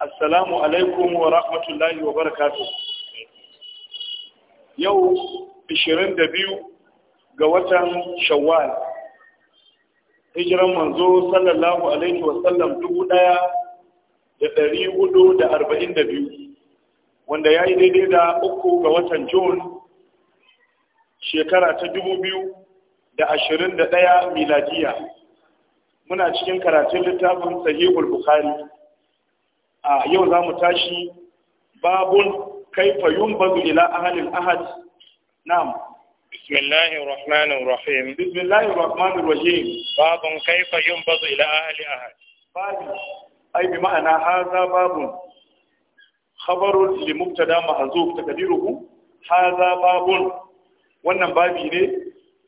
assalamu alaikum wa rahmatullahi wa barakatu yau 22 ga watan shawwal hijiran manzo sallallahu alaihi wa sallam dubu daya da dari hudu da arba'in da biyu wanda ya yi daidai da uku ga watan jun shekara ta dubu biyu da ashirin da ɗaya miladiya muna cikin karatun littafin sahihul bukhari a yau za mu tashi babun kaifa bazu ila ahalin ahad na'am بسم الله الرحمن الرحيم بسم الله الرحمن الرحيم باب كيف ينبض إلى أهل أهل باب أي بمعنى هذا باب خبر لمبتدا محذوف تقديره هذا باب wannan babi ne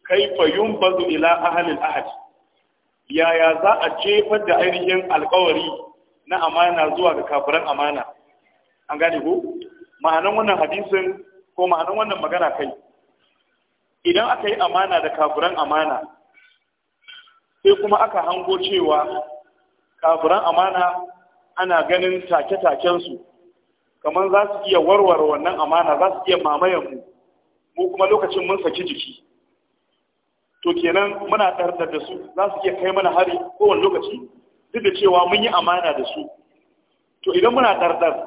kaifa yunbazu ila ahli al yaya za a jefar da ainihin alƙawari na amana zuwa ga kafiran amana an gane ko ma'anan wannan hadisin ko ma'anan wannan magana kai idan aka yi amana da kafiran amana sai kuma aka hango cewa kafiran amana ana ganin take-takensu kamar za su iya warware wannan amana za su iya mamayen mu mu kuma lokacin mun saki jiki to kenan muna ɗarɗar da su za su iya kai mana hari kowane lokaci duk da cewa mun yi amana da su to idan muna dardar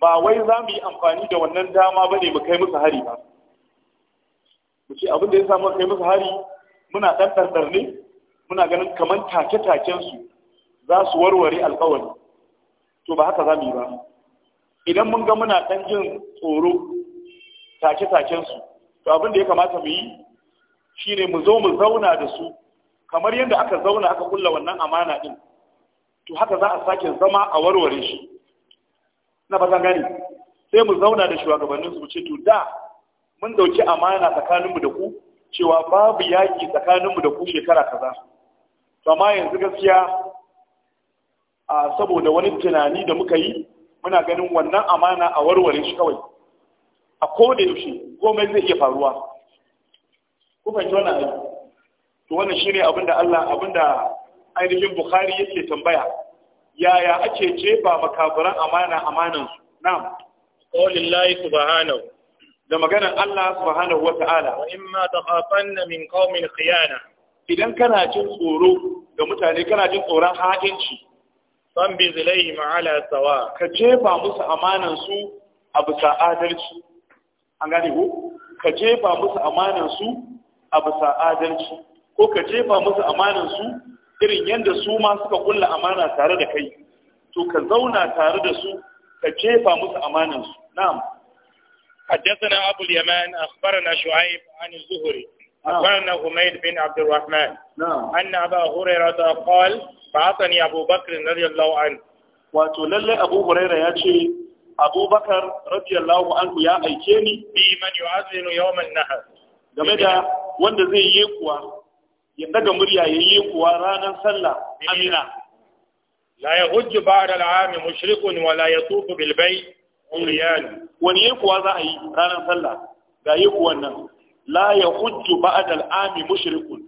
ba wai za mu yi amfani da wannan dama ba ne mu kai musu hari ba mu ce abin da ya samu kai musu hari muna ɗan dardar ne muna ganin kamar take-takensu za su warware alkawari to ba haka za mu yi ba idan mun ga muna ɗan jin tsoro take-takensu to abin da ya kamata mu yi shine mu zo mu zauna da su kamar yadda aka zauna aka kulla wannan amana din to haka za a sake zama a warware shi na ba gani sai mu zauna da shugabannin su ce to da mun dauki amana tsakaninmu da ku cewa babu yaƙi tsakaninmu da ku shekara kaza to amma yanzu gaskiya a saboda wani tunani da muka yi muna ganin wannan amana a warware shi kawai a koda yaushe komai zai iya faruwa ku fahimci wannan ayi to wannan shine abinda Allah abinda ainihin bukhari yake tambaya yaya ake jefa makafiran amana amanan su na'am qawlin lahi subhanahu da maganar Allah subhanahu wata'ala wa ma takhafanna min qaumin khiyana idan kana jin tsoro ga mutane kana jin tsoron ha'inci san bi zilai ma'ala sawa ka jefa musu amanan su a bisa adalci an gane ko ka jefa musu amanan su a bisa adalci ko ka jefa musu amanan su irin yadda su ma suka kulla amana tare da kai to ka zauna tare da su ka jefa musu amanan su na'am حدثنا أبو اليمان أخبرنا شعيب عن الزهري أخبرنا حميد بن عبد الرحمن أن أبا هريرة قال فأعطني أبو بكر رضي الله عنه وتلل أبو هريرة يأتي أبو بكر رضي الله عنه يا أيتيني بمن يعزن يوم النحر game da wanda zai yi kuwa ya daga murya ya yi kuwa ranar sallah amina la ya hujju da la'ami mushrikun wa la ya tufu bilbai uriyan wani yi kuwa za a yi ranar sallah ga yi kuwa nan la ya hujju da la'ami mushrikun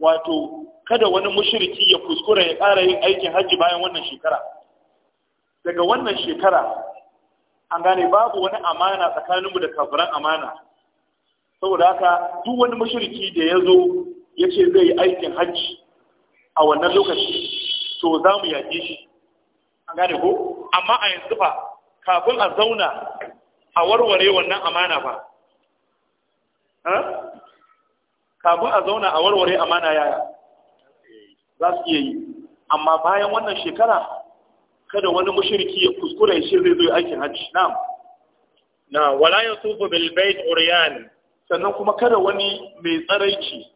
wato kada wani mushriki ya kuskura ya ƙara yin aikin hajji bayan wannan shekara daga wannan shekara an gane babu wani amana tsakaninmu da kafiran amana saboda haka duk wani mushriki da ya zo ya ce zai yi aikin hajji a wannan lokaci to za mu yaƙe shi gane ko amma a yanzu ba kafin a zauna a warware wannan amana ba kafin a zauna a warware amana yaya za su iya yi amma bayan wannan shekara kada wani mashirki ya kuskura ce zai zo aikin hajji na wala ya bil bilbaid oriyan sannan kuma kada wani mai tsaraici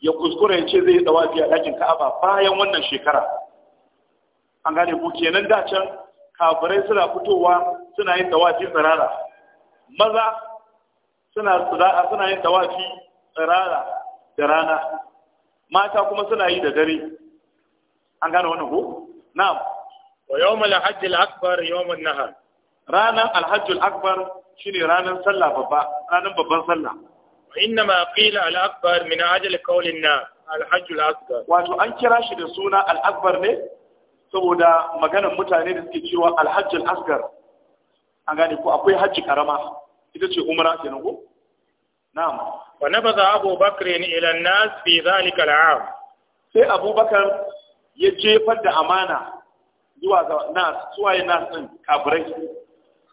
ya kuskura ya ce zai yi tsawafi a ɗakin ka'aba bayan wannan shekara an gane ku kenan da can kafirai suna fitowa suna yin tsawafi tsirara maza suna tsirara suna yin tsawafi tsirara da rana mata kuma suna yi da dare an gane wannan ku? na'am wa yawmal hajj al-akbar yawmun nahar ranar alhajjul akbar shine ranar sallah babba ranar babban sallah وإنما قيل الأكبر من أجل قول الناس الحج الأكبر wato an kira shi da suna al ne saboda maganar mutane da suke cewa al-hajj al-asghar an gane ko akwai hajji karama ita ce umra kenan ko na'am wa nabadha Abu Bakr ila an-nas fi dhalika al-'am sai Abu Bakar ya jefar da amana zuwa ga nas suwaye nas din kafirai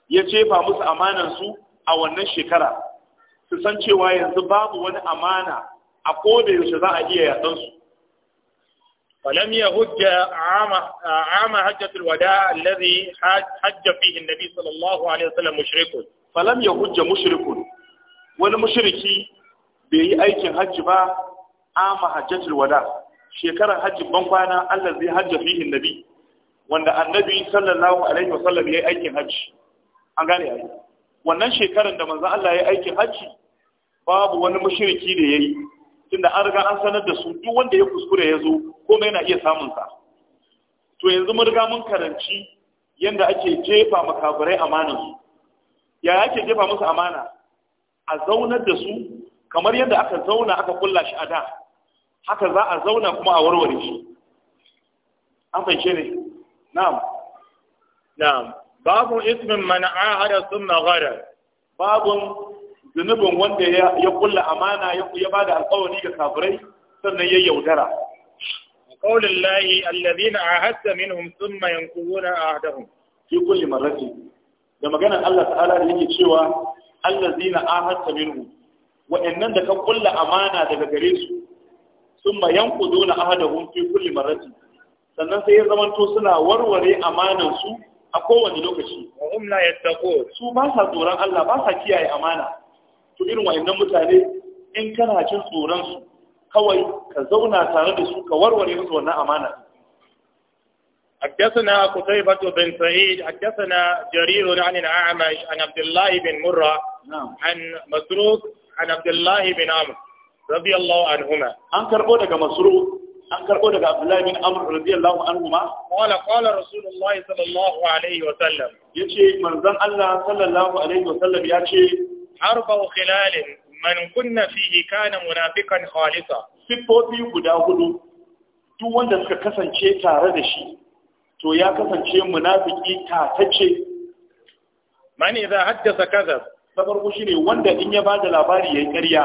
ya jefa musu amanan su a wannan shekara su san cewa yanzu babu wani amana a koda yaushe za a iya yatsan su falam ya hujja ama hajjatul wada allazi hajja fihi annabi sallallahu alaihi wasallam mushrikun falam ya hujja mushrikun wani mushriki bai yi aikin hajji ba ama hajjatul wada shekarar hajji ban kwana allazi hajja fihi annabi wanda annabi sallallahu alaihi wasallam yayi aikin hajji an gane ai wannan shekarar da manzon Allah ya aikin hajji babu wani mushriki da yayi tunda an riga an sanar da su duk wanda ya kuskure ya zo komai yana iya samun sa to yanzu mun riga mun karanci yanda ake jefa makabarai amana su ya ake jefa musu amana a zaunar da su kamar yadda aka zauna aka kulla shi a da haka za a zauna kuma a warware shi an fahimce ne na'am na'am babu ismin man hada sunna ghadar babu zunubin wanda ya kulla amana ya bada alƙawari ga kafirai sannan ya yaudara qaulin lahi alladhina ahadta minhum thumma yanquduna ahdahum fi kulli marrati da maganar Allah ta'ala da yake cewa alladhina ahadta minhum wa'annan da ka kulla amana daga gare su thumma yanquduna ahdahum fi kulli marrati sannan sai ya zamanto suna warware amanan su a kowane lokaci wa na la yattaqun su ba sa tsoron Allah ba sa kiyaye amana Su irin wayannan mutane in kana cin tsoron su kawai ka zauna tare da su ka warware musu wannan amana حدثنا قتيبة بن سعيد حدثنا جرير عن الأعمش عن عبد الله بن مرة عن مسروق عن عبد الله بن عمرو رضي الله عنهما أنكر بودك مسروق an karɓo daga Abdullahi bin Amr radiyallahu anhu ma qala qala Rasulullahi sallallahu alaihi wa sallam yace manzon Allah sallallahu alaihi wa sallam ya ce. harba khilal man kunna fihi kana munafiqan halisa. sifofi guda hudu duk wanda suka kasance tare da shi to ya kasance munafiki tatacce man idza haddasa kadhab sabar ne wanda in ya ba da labari ya yayi ƙarya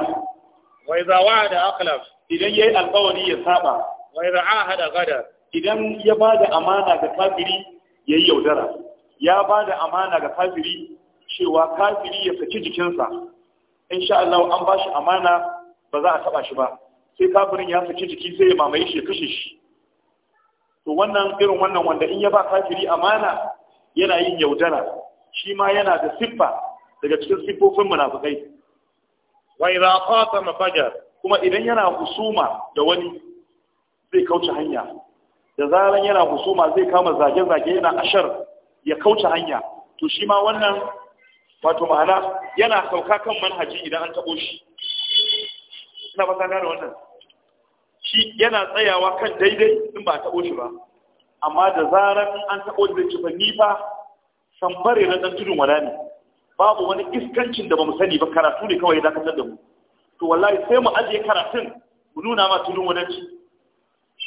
wa idza da akhlaf idan ya yi alkawari ya saba wa idza ahada gada idan ya ba da amana ga kafiri ya yi yaudara ya ba da amana ga kafiri cewa kafiri ya saki jikinsa in sha Allah an ba shi amana ba za a taba shi ba sai kafirin ya saki jiki sai ya mamaye shi ya kashe shi to wannan irin wannan wanda in ya ba kafiri amana yana yin yaudara shi ma yana da siffa daga cikin siffofin munafikai wa idza qatama fajar kuma idan yana husuma da wani zai kauce hanya da zaran yana husuma zai kama zage-zage yana ashar ya kauce hanya to shi ma wannan wato ma'ana yana sauka kan manhaji idan an taɓo shi ina ba gane wannan shi yana tsayawa kan daidai in ba tabo shi ba amma da zaran an tabo da zai ci fa ni fa na ɗan tudun wada ne babu wani iskancin da ba mu sani ba karatu ne kawai da dakatar tada mu to wallahi sai mu ajiye karatun mu nuna ma tudun wadanci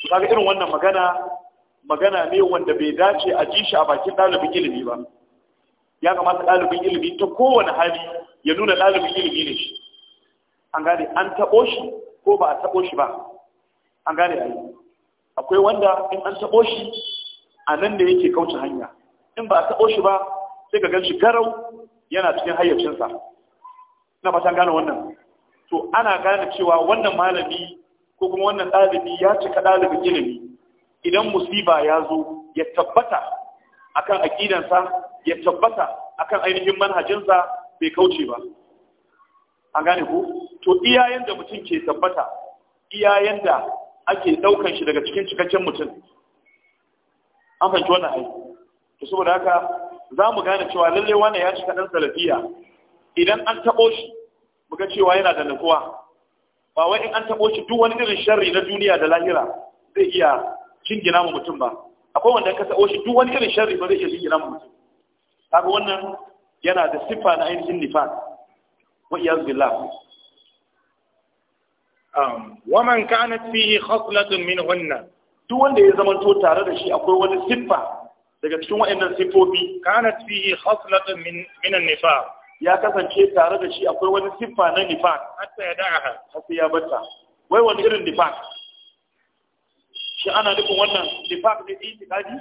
to kaga irin wannan magana magana ne wanda bai dace a ji shi a bakin ɗalibin ilimi ba ya kamata ɗalibin ilimi ta kowane hali ya nuna ɗalibin ilimi ne shi an gane an taɓo shi ko ba a taɓo shi ba an gane ai akwai wanda in an taɓo shi a nan da yake kauce hanya in ba a taɓo shi ba sai ka gan shi garau yana cikin hayyacinsa ina fatan gane wannan to ana gane cewa wannan malami ko kuma wannan ɗalibi ya cika ɗalibin ilimi idan musiba ya zo ya tabbata akan aƙidansa ya tabbata akan ainihin manhajinsa bai kauce ba an gane ku to iyayen da mutum ke tabbata iyayen da ake ɗaukan shi daga cikin cikakken mutum an fahimci wannan aiki to saboda haka za mu gane cewa lallai wannan ya cika ɗan salafiya idan an taɓo shi muga cewa yana da nutsuwa ba wai in an tabo shi duk wani irin sharri na duniya da lahira zai iya jingina mu mutum ba akwai wanda ka tabo shi duk wani irin sharri ba zai iya jingina mu mutum kaga wannan yana da siffa na ainihin nifaq wa iyaz billah um waman kanat fihi khaslatun minhunna duk wanda ya zama to tare da shi akwai wani siffa daga cikin waɗannan siffofi kanat fihi khaslatun min min an-nifaq ya kasance tare da shi akwai wani siffa na nifak. hatta ya da hatta ya bata wai wani irin nifak. shi ana nufin wannan nifak ne tikadi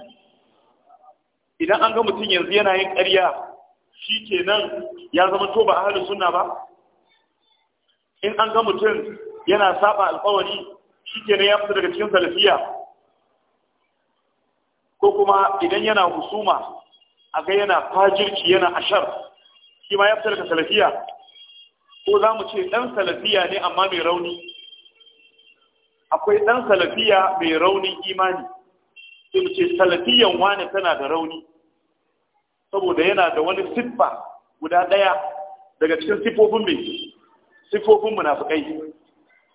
idan an ga mutum yanzu yana yin ƙarya shi ke nan ya zama to ba ahalin sunna ba in an ga mutum yana saba alƙawari shi ke nan ya fita daga cikin salafiya ko kuma idan yana husuma a ga yana fajirci yana ashar shi ma ya fitar da salafiya ko za mu ce ɗan salafiya ne amma mai rauni akwai ɗan salafiya mai rauni imani sai mu ce salafiyan wani tana da rauni saboda yana da wani siffa guda ɗaya daga cikin siffofin mai siffofin munafukai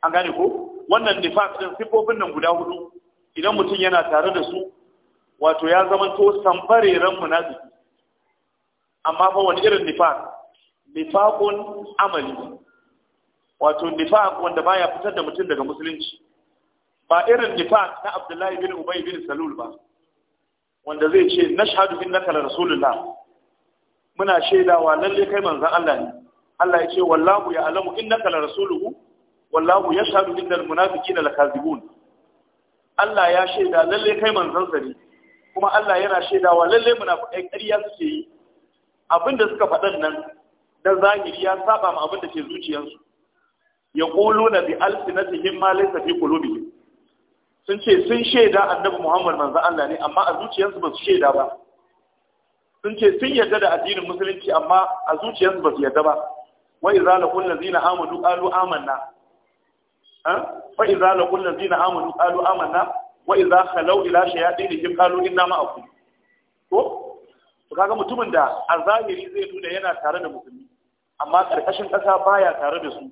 an gane ko wannan nifas ɗin siffofin nan guda hudu idan mutum yana tare da su wato ya zama zamanto ran munafiki amma fa wani irin nifaq nifaqun amali wato nifaq wanda baya fitar da mutum daga musulunci ba irin nifaq na Abdullahi bin Ubay bin Salul ba wanda zai ce nashhadu innaka la rasulullah muna shaidawa lalle kai manzon Allah ne Allah ya ce wallahu ya'lamu innaka la rasuluhu wallahu yashhadu innal munafiqina lakazibun Allah ya shaida lalle kai manzon sa ne kuma Allah yana shaidawa lalle munafiqai ƙarya suke yi abin da suka faɗan nan da zahiri ya saba ma abin da ke zuciyarsu ya ƙulu na bi alsinatihim ma laysa fi qulubihim sun ce sun shaida annabi Muhammad manzo Allah ne amma a zuciyarsu ba su shaida ba sun ce sun yarda da addinin musulunci amma a zuciyarsu ba su yarda ba wa idza laqul Zina amanu qalu amanna fa idza laqul ladzina amanu qalu amanna wa idza khalu ila shayatinihim qalu inna ma'akum to to kaga mutumin da a zahiri zai nuna yana tare da musulmi amma karkashin ƙasa baya tare da su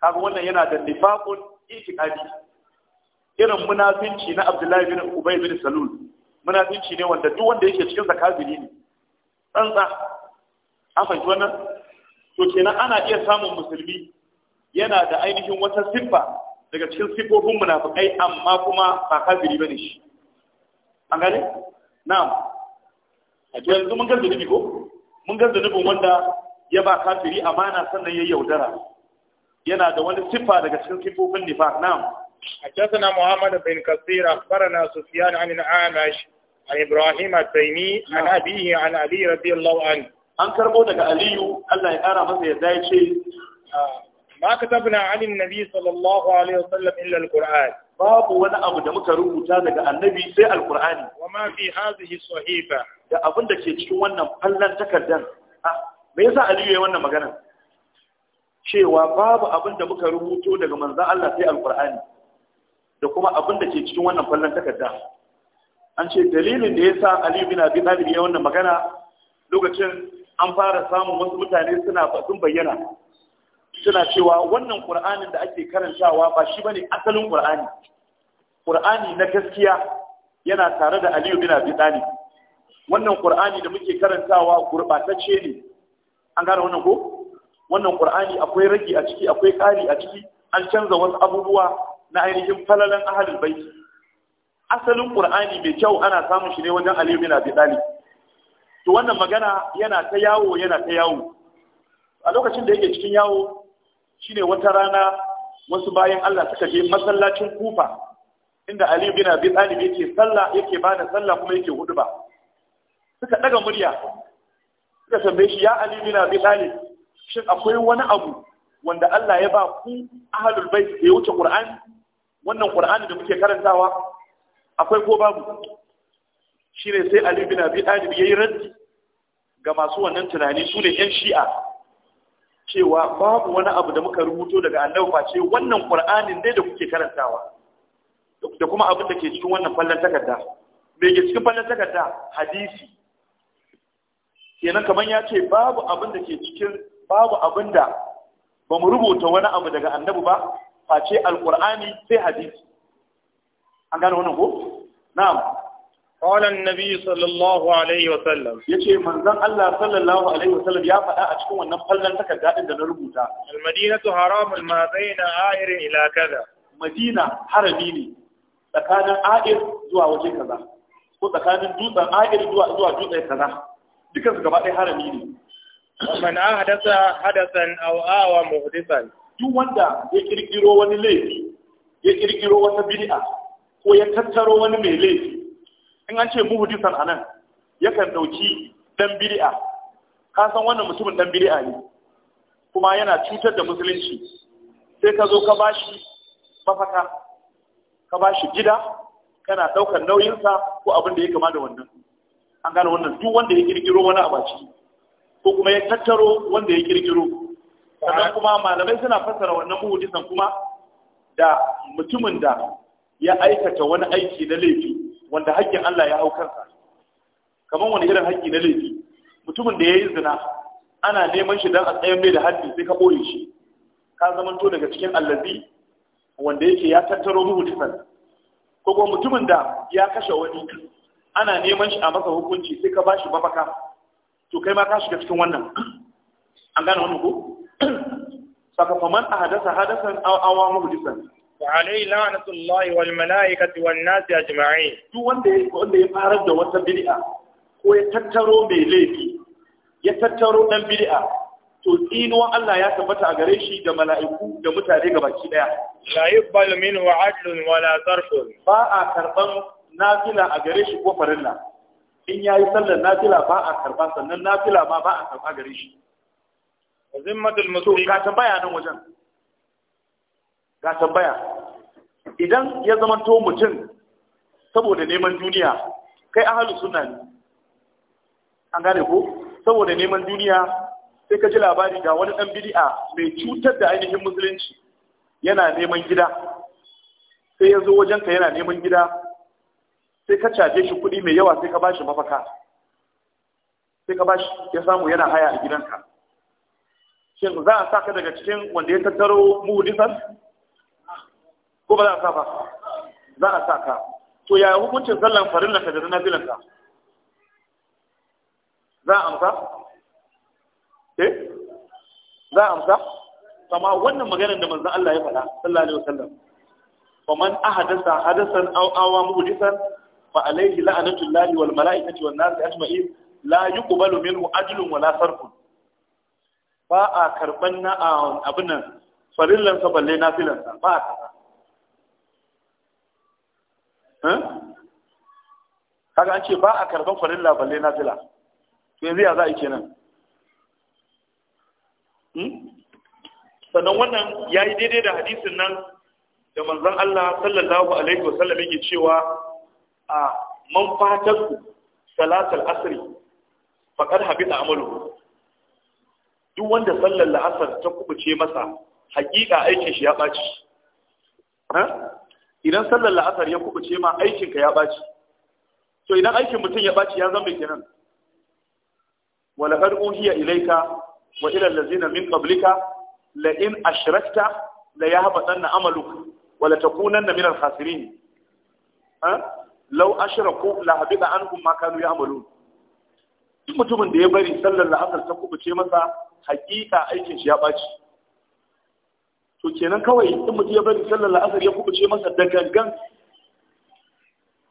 kaga wannan yana da nifaqun itiqadi irin munafinci na Abdullahi bin Ubay bin Salul munafinci ne wanda duk wanda yake cikin zakazili ne tsantsa an fahimci wannan to kenan ana iya samun musulmi yana da ainihin wata siffa daga cikin siffofin munafikai amma kuma ba kafiri bane shi an gane na'am a yanzu mun ga zunubi ko mun ga zunubin wanda ya ba kafiri amana sannan ya yaudara yana da wani siffa daga cikin sifofin nifaq na'am حدثنا محمد بن كثير أخبرنا سفيان عن الأعمش عن إبراهيم التيمي عن نعم. أبيه عن علي رضي الله عنه عن كربوتك علي الله يقرأ مثل يدعي شيء ما كتبنا عن النبي صلى الله عليه وسلم إلا القرآن باب وانا أبدا مكروه تادك النبي سي القرآن وما في هذه الصحيفة da abin da ke cikin wannan fallan takardar ah, me yasa aliyu ya wannan magana cewa babu abin da muka rubuto daga manzan Allah sai alkur'ani da kuma abin da ke cikin wannan fallan takarda an ce dalilin da yasa aliyu bin abi talib ya wannan magana lokacin an fara samun wasu mutane suna sun bayyana suna cewa wannan qur'anin da ake karantawa ba shi bane asalin qur'ani qur'ani na gaskiya yana tare da aliyu bin abi talib wannan qur'ani da muke karantawa gurbatacce ne an gane wannan ko wannan qur'ani akwai ragi a ciki akwai ƙari a ciki an canza wasu abubuwa na ainihin falalan ahalin baiti asalin qur'ani mai kyau ana samun shi ne wajen aliyu bin abi to wannan magana yana ta yawo yana ta yawo a lokacin da yake cikin yawo shine wata rana wasu bayan Allah suka je masallacin Kufa inda Ali bin Abi Talib yake sallah yake bada sallah kuma yake huduba suka daga murya suka tambaye shi ya ali bin abi talib shin akwai wani abu wanda Allah ya ba ku ahlul bait da ya wuce qur'an wannan qur'ani da muke karantawa akwai ko babu shine sai ali bin abi talib yayi raddi ga masu wannan tunani su ne yan shi'a cewa babu wani abu da muka rubuto daga annabi face wannan qur'anin dai da kuke karantawa da kuma abin da ke cikin wannan fallan takarda me ke cikin fallan takarda hadisi kenan kamar ya ce babu abin da ke cikin babu abin da ba mu rubuta wani abu daga annabi ba face alqur'ani sai hadisi an gane wannan ko na'am qala an-nabi sallallahu alaihi wa sallam yace manzon Allah sallallahu alaihi wa sallam ya faɗa a cikin wannan fallan takarda din da na rubuta al-madinatu haramun ma baina a'ir ila kaza madina harami ne tsakanin a'ir zuwa waje kaza ko tsakanin dutsen a'ir zuwa zuwa dutsen kaza dukansu gaba ɗaya harami ne man hadasa hadasan awa awa muhdisan duk wanda ya kirkiro wani laifi ya kirkiro wata bid'a ko ya tattaro wani mai laifi in an ce muhdisan anan yakan ɗauki ɗan bid'a ka san wannan mutumin ɗan bid'a ne kuma yana cutar da musulunci sai ka zo ka bashi mafaka ka bashi gida kana ɗaukar nauyinsa ko abin da ya kama da wannan an gane wannan duk wanda ya kirkiro wani abu ciki ko kuma ya tattaro wanda ya kirkiro sannan kuma malamai suna fassara wannan muhudisan kuma da mutumin da ya aikata wani aiki na laifi wanda haƙƙin Allah ya hau kansa kamar wani irin haƙƙi na laifi mutumin da ya yi zina ana neman shi don a tsayan mai da haddi sai ka ɓoye shi ka zamanto daga cikin allazi wanda yake ya tattaro muhudisan ko kuma mutumin da ya kashe wani ana neman shi a masa hukunci sai ka ba shi babaka. to kai ma ka shiga cikin wannan an gane wannan ko sakafaman a hadasa hadasan awa muhdisan alai la'natullahi wal mala'ikati wan nas ajma'in duk wanda wanda ya fara da wata bid'a ko ya tattaro mai laifi ya tattaro dan bid'a to tsinuwan Allah ya tabbata a gare shi da mala'iku da mutane gabaki daya. La yi balmin wa adlun wa la zarfun. Ba a karban. nafila a gare shi ko farilla in ya yi sallar nafila ba a karba sannan nafila ma ba a karba gare shi zimmatul musulmi ka tambaya nan wajen ga tambaya idan ya zama to mutum saboda neman duniya kai ahalus sunna ne an gane ko saboda neman duniya sai ka ji labari ga wani dan bid'a mai cutar da ainihin musulunci yana neman gida sai ya zo wajenka yana neman gida sai ka caje shi kuɗi mai yawa sai ka ba shi mafaka sai ka ba shi ya samu yana haya a gidanka shin za a saka daga cikin wanda ya tattaro muhudisan ko ba za a sa ba za a sa ka. to ya hukuncin sallan farillanka da na filanka za a amsa eh za a amsa kama wannan maganar da manzon Allah ya faɗa sallallahu alaihi wasallam faman a hadathan aw awa muhdisan fa Alayhi la'anatu llahi wal mala'ikati wan nasi ajma'in la yuqbalu minhu ajlun wala sarfun ba a karban na abin nan farillan sa balle filan sa ba a kaza kaga an ce ba a karban farilla balle nafila to yanzu ya za a kenan hmm? sannan wannan ya yi daidai da hadisin nan da manzon Allah sallallahu alaihi wasallam yake cewa a man fatarku asiri faƙar haɓi habita amalu duk wanda sallar la'asar ta kubuce masa hakika aikin shi ya ɓaci. idan sallar la'asar ya kubuce ma aikin ka ya ɓaci, to idan aikin mutum ya ɓaci ya zama kenan wala qad uhiya ilaika wa ila lazina min qablika la in ashrakta la yahbatanna amaluka wala takunanna min al-khasirin ha lau ashraku la habida anhum ma ya ya'malun duk mutumin da ya bari sallar la'asar ta kubuce masa hakika aikin shi ya ɓaci. to kenan kawai in mutum ya bari sallar la'asar ya kubuce masa da gangan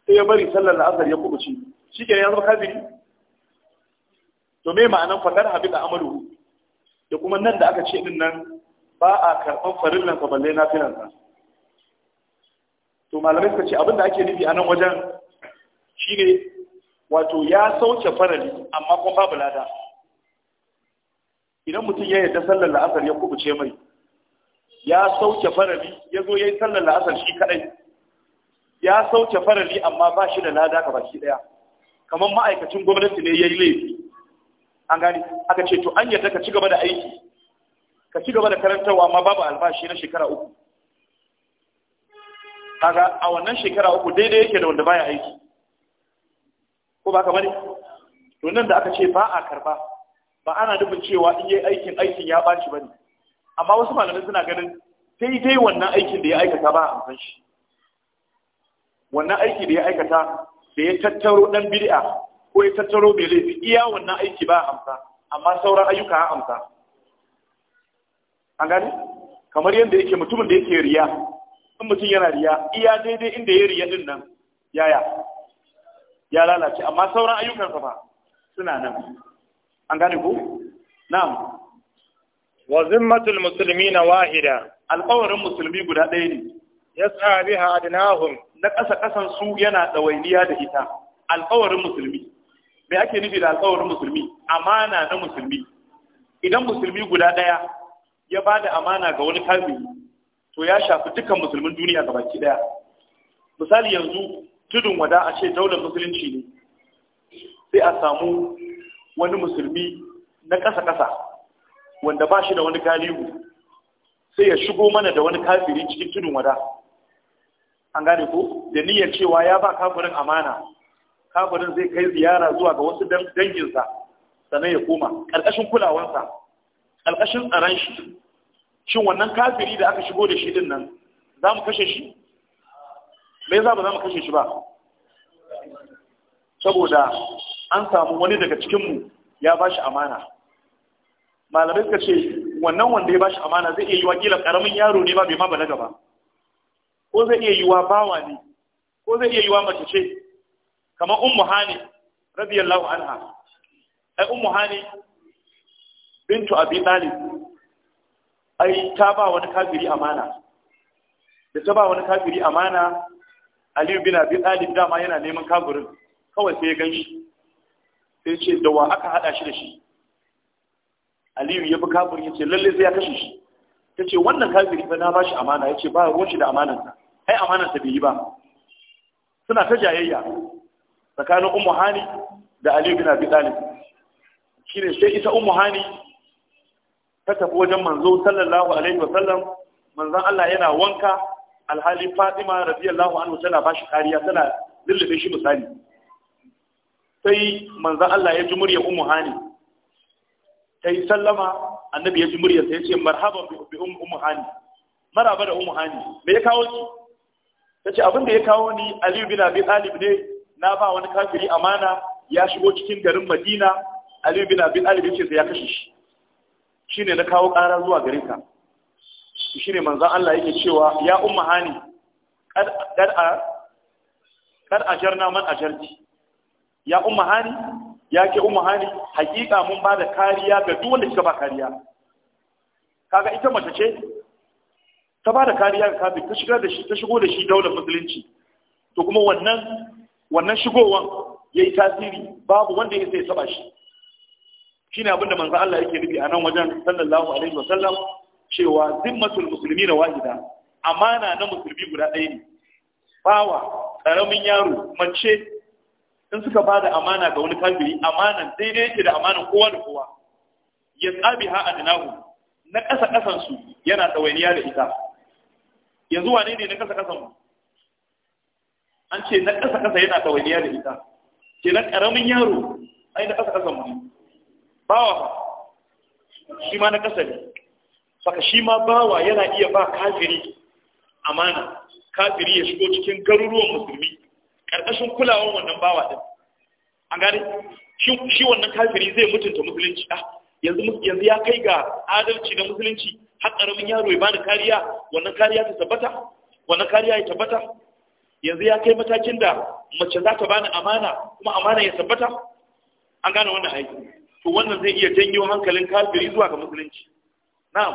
sai ya bari sallar la'asar ya kubuce shi kenan ya zama kafiri to me ma'anan fadar habida amalu da kuma nan da aka ce din nan ba a karɓan farillansa balle na finansa. to malamai suka ce abinda ake nufi a nan wajen shine wato ya sauke farali amma kuma babu lada idan mutum ya yarda sallar la'asar ya kubuce mai ya sauke farali ya zo ya yi sallar la'asar shi kadai ya sauke farali amma ba shi da lada ka baki daya kamar ma'aikacin gwamnati ne ya yi laifi an gani aka ce to an yadda ka ci gaba da aiki ka ci gaba da karantarwa amma babu albashi na shekara uku kaga a wannan shekara uku daidai yake da wanda baya aiki ko ba kamar to nan da aka ce ba a karba ba ana dubin cewa in yi aikin aikin ya ɓaci bane amma wasu malamai suna ganin daidai wannan aikin da ya aikata ba a san shi wannan aiki da ya aikata da ya tattaro dan bid'a ko ya tattaro mai laifi iya wannan aiki ba a amsa amma sauran ayyuka a amsa an gani kamar yadda yake mutumin da yake riya in mutum yana riya iya daidai inda ya riya din nan yaya ya lalace amma sauran ayyukan fa suna nan an gane ku? na'am wa zimmatul muslimina wahida alƙawarin musulmi guda ɗaya ne yas'a biha adnahum na ƙasa ƙasan su yana ɗawainiya da ita alƙawarin musulmi me ake nufi da alƙawarin musulmi amana na musulmi idan musulmi guda ɗaya ya ba da amana ga wani kalmi to ya shafi dukkan musulmin duniya ga baki daya misali yanzu tudun wada a ce daular musulunci ne sai a samu wani musulmi na ƙasa-ƙasa wanda ba shi da wani galihu sai ya shigo mana da wani kafiri cikin tudun wada an gane ko da niyyar cewa ya ba kafirin amana kafirin zai kai ziyara zuwa ga wasu danginsa sannan ya koma ƙarƙashin kulawarsa. ƙarƙashin tsaron shi shin wannan kafiri da aka shigo da shi din nan za mu kashe shi me yasa ba za mu kashe shi ba saboda an samu wani daga cikinmu ya ba shi amana malamai suka ce wannan wanda ya ba shi amana zai iya yi wa kila karamin yaro ne ba bai ma balaga ba ko zai iya yi wa bawa ne ko zai iya yi wa mace ce kamar ummu hani radiyallahu anha ai ummu hani bintu abi talib ai ta ba wani kafiri amana da ta ba wani kafiri amana aliyu bin abi talib dama yana neman kafirin kawai sai ya ganshi, sai ce da wa aka hada shi da shi aliyu ya bi kafirin yace ce lalle sai ya kashe shi ta ce wannan kafiri fa na ba shi amana ya ce ba ruwan shi da amanansa ai amanansa bai yi ba suna ta jayayya tsakanin ummu hani da aliyu bin abi talib shine sai ita ummu hani ta tafi wajen manzo sallallahu alaihi wa sallam manzon Allah yana wanka alhali Fatima radiyallahu anhu tana ba shi kariya tana lullube shi misali sai manzon Allah ya ji murya ummu hani sai sallama annabi ya ji muryar sai ya ce marhaban bi ummu hani maraba da ummu hani me ya kawo ki tace abin da ya kawo ni Ali bin Abi Talib ne na ba wani kafiri amana ya shigo cikin garin Madina Ali bin Abi Talib ce sai ya kashe shi Shi ne na kawo ƙara zuwa gare ka Shi ne manzan Allah yake cewa ya umma hani kad a kad ajarna a ajarti ya umma hani ya ke umma hani hakika mun ba da kariya ga duk wanda kika ba kariya kaga ita mace ce ta ba da kariya ga kafin ta shigar da shi ta shigo da shi daular musulunci to kuma wannan wannan shigowan yayi tasiri babu wanda ya sai saba shi shi ne abinda manzan Allah yake nufi a nan wajen sallallahu alaihi wa sallam cewa zimmatul musulmi na wahida amana na musulmi guda ɗaya ne bawa ƙaramin yaro mace in suka ba da amana ga wani kafiri amanan daidai yake da amanan kowa da kowa ya tsabi ha dinahu na ƙasa ƙasansu yana ɗawainiya da ita yanzu wane ne na ƙasa ƙasan mu an ce na ƙasa ƙasa yana ɗawainiya da ita ke na ƙaramin yaro ai na ƙasa ƙasan mu bawa shi ma na ƙasa ne saka shi ma bawa yana iya ba kafiri amana kafiri ya shigo cikin garuruwan musulmi ƙarƙashin kulawar wannan bawa ɗin an gane shi wannan kafiri zai mutunta musulunci ah, yanzu ya kai ga adalci na musulunci har ƙaramin yaro ya bani kariya wannan kariya ta tabbata wannan kariya ya tabbata yanzu ya kai matakin da mace za ta bani amana kuma amana ya tabbata an gane wannan aiki to wannan zai iya janyo hankalin kafiri zuwa ga musulunci na'am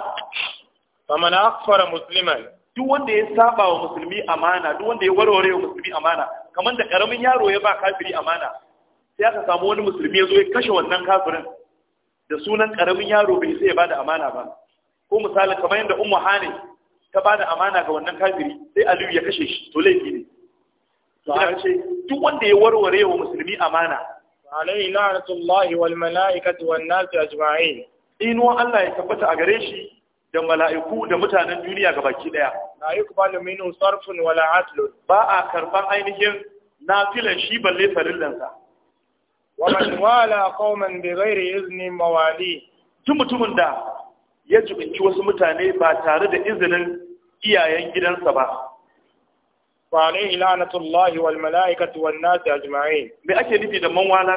faman akfara musliman duk wanda ya saba wa musulmi amana duk wanda ya warware wa musulmi amana kamar da karamin yaro ya ba kafiri amana sai aka samu wani musulmi ya zo ya kashe wannan kafirin da sunan karamin yaro bai sai ya bada amana ba ko misali kamar yadda ummu Hane ta bada amana ga wannan kafiri sai aliyu ya kashe shi to laifi ne ce duk wanda ya warware wa musulmi amana Alayhi la'natullahi wal mala'ikati wan nas ajma'in wa Allah ya tabbata a gare shi da mala'iku da mutanen duniya ga baki daya la yuqbalu minhu sarfun wala adlun ba a karban ainihin nafilan shi balle farillan sa wa man wala qauman bi ghairi izni mawali tun mutumin da ya jibinci wasu mutane ba tare da izinin iyayen gidansa ba fa alayhi la'natullahi wal mala'ikati wan a ajma'in me ake nufi da man wala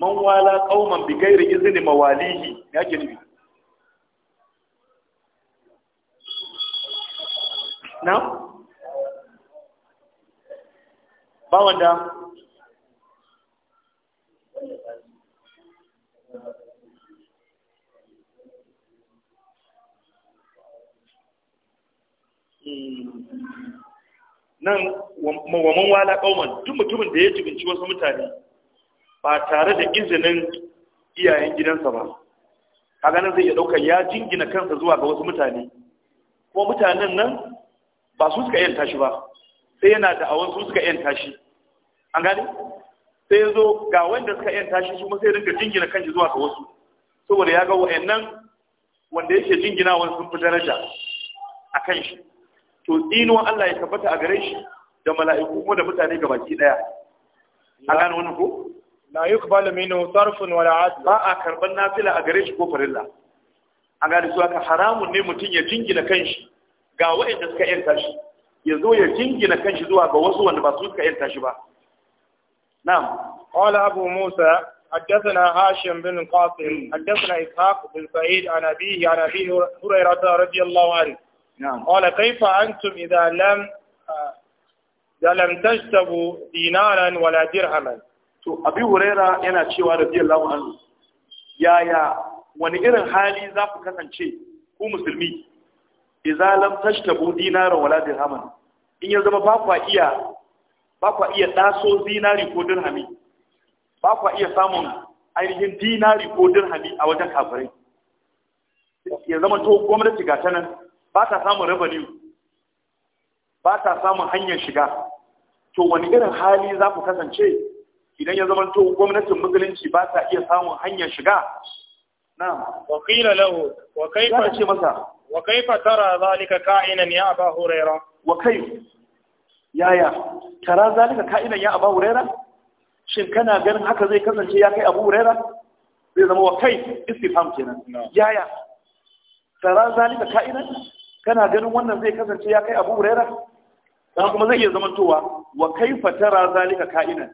man wala qauman bi ghairi izni mawalihi me ake nufi na ba wanda nan mawaman wala kauman duk mutumin da ya jibinci wasu mutane ba tare da izinin iyayen gidansa ba a ganin zai iya ɗaukar ya jingina kansa zuwa ga wasu mutane ko mutanen nan ba su suka yanta shi ba sai yana da awon su suka yanta shi an gani sai ya zo ga wanda suka yanta shi su sai rinka jingina kanshi zuwa ga wasu saboda ya ga wa'annan wanda yake wani sun fi daraja a kan shi to tsinuwan Allah ya tabbata a gare shi da mala'iku ko da mutane ga baki daya a gane wannan ko la yuqbalu minhu sarfun wala adl ba a karban nafila a gare shi ko farilla a gane su aka haramun ne mutum ya jingina kanshi ga waɗanda suka yanta shi ya zo ya jingina kanshi zuwa ga wasu wanda ba su suka yanta shi ba na'am qala abu musa حدثنا هاشم بن قاسم حدثنا إسحاق بن سعيد عن أبيه عن أبي هريرة رضي الله عنه قال كيف أنتم إذا لم إذا لم تجتبوا دينارا ولا درهما to abi huraira yana cewa radiyallahu anhu yaya wani irin hali za ku kasance ku musulmi idza lam tashtabu dinaran wala dirhaman in ya zama ba ku iya ba ku iya daso dinari ko dirhami ba ku iya samun ainihin dinari ko dirhami a wajen kafirai ya zama to gwamnati ga ta ba ta samun rabani ba ta samun hanyar shiga to wani irin hali za ku kasance idan ya zama to gwamnatin musulunci ba ta iya samun hanyar shiga na wakila lahu wa kaifa ce masa wa kaifa tara zalika ka'inan ya aba huraira wa kai yaya tara zalika ka'inan ya aba huraira shin kana ganin haka zai kasance ya kai abu huraira zai zama wa kai istifham kenan yaya tara zalika ka'inan kana ganin wannan zai kasance ya kai abu huraira sannan kuma zai iya zamantowa wa kaifa tara zalika ya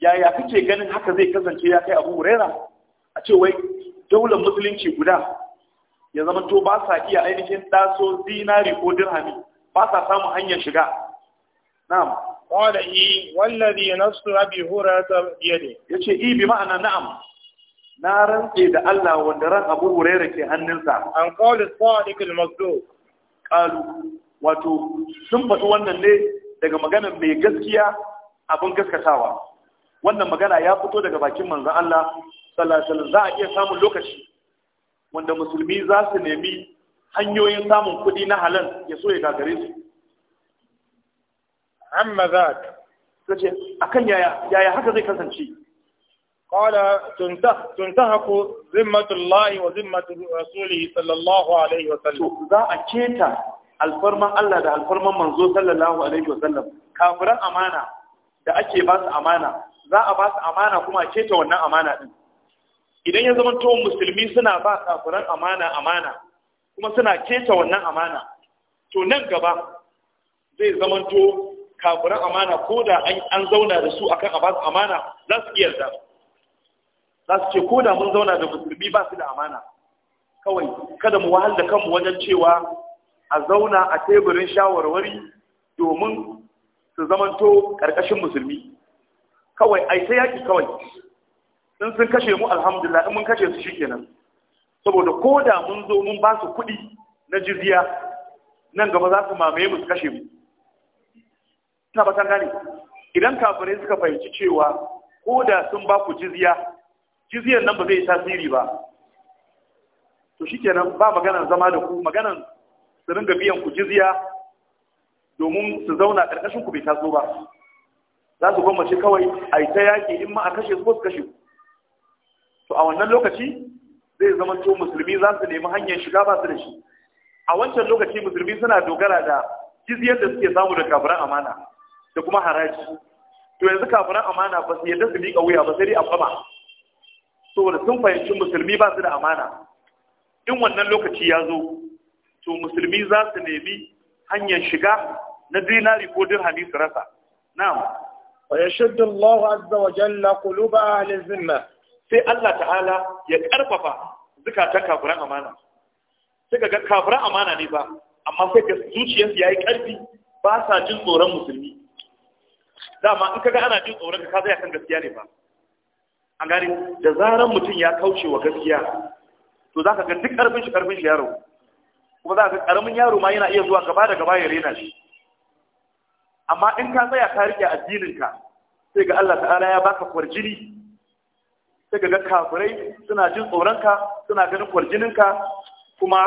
yaya kace ganin haka zai kasance ya kai abu huraira a ce wai daular musulunci guda ya to ba sa iya ainihin daso zinari ko dirhami ba sa samun hanyar shiga na'am qala yi wallazi nafsu abi hurata yadi yace i bi ma'ana na'am na rantse da Allah wanda ran Abu Hurairah ke hannunsa an qawli sadiq al-mazduq Kalu, wato sun faɗi wannan ne daga maganar mai gaskiya abin gaskatawa wannan magana ya fito daga bakin manzan Allah sallallahu za a iya samun lokaci wanda musulmi za su nemi hanyoyin samun kuɗi na halal ya so ya gagare su amma za ka ce akan yaya yaya haka zai kasance قال تنتهك ذمة الله وذمة رسوله صلى الله عليه وسلم ذا أكيتا الفرما الله ده الفرما منزو صلى الله عليه وسلم كافرا أمانة da أكي ba su ذا za a كما أكيتا ونا kuma a يزمن wannan amana سنة idan كافرا zama to كما سنة أكيتا ونا amana تو ننقبا suna keta wannan amana zai zama kafiran amana ko da an zauna da su akan abas amana za su iya yarda za su ce ko da mun zauna da musulmi ba su da amana kawai kada mu wahal da kanmu wajen cewa a zauna a teburin shawarwari domin su zamanto ƙarƙashin musulmi kawai ai ta yaƙi kawai in sun kashe mu alhamdulillah in mun kashe su shikenan saboda ko da mun zo mun ba su kuɗi na jizya nan gaba za su mamaye mu su kashe mu ina ba gane idan kafirai suka fahimci cewa ko da sun ba ku jizya Jiziyar nan ba zai tasiri ba to shi shikenan ba maganar zama da ku maganar su ringa biyan ku jiziya domin su zauna ƙarƙashin ku bai taso ba za su gwammace kawai a yi yaƙi in ma a kashe su ko su kashe to a wannan lokaci zai zama to musulmi za su nemi hanyar shiga ba su da shi a wancan lokaci musulmi suna dogara da jiziyar da suke samu da kafiran amana da kuma haraji to yanzu kafiran amana ba su yadda su miƙa wuya ba sai dai a fama saboda sun fahimci musulmi ba su da amana in wannan lokaci ya zo to musulmi za su nemi hanyar shiga na dinari ko dirhami su rasa na'am wa yashaddu Allah azza wa jalla quluba ahli zimma sai Allah ta'ala ya karfafa zukatan kafiran amana sai ga kafiran amana ne ba amma sai ga zuciyarsu yayi karfi ba sa jin tsoron musulmi dama in kaga ana jin tsoron ka ka zai kan gaskiya ne ba an gari da zarar mutum ya kauce wa gaskiya to za ka ga duk karfin shi karfin shi yaro kuma za ka karamin yaro ma yana iya zuwa gaba da gaba ya rena shi amma in ka tsaya ka rike addininka sai ga Allah ta'ala ya baka kwarjini sai ga kafirai suna jin tsoronka suna ganin kwarjininka kuma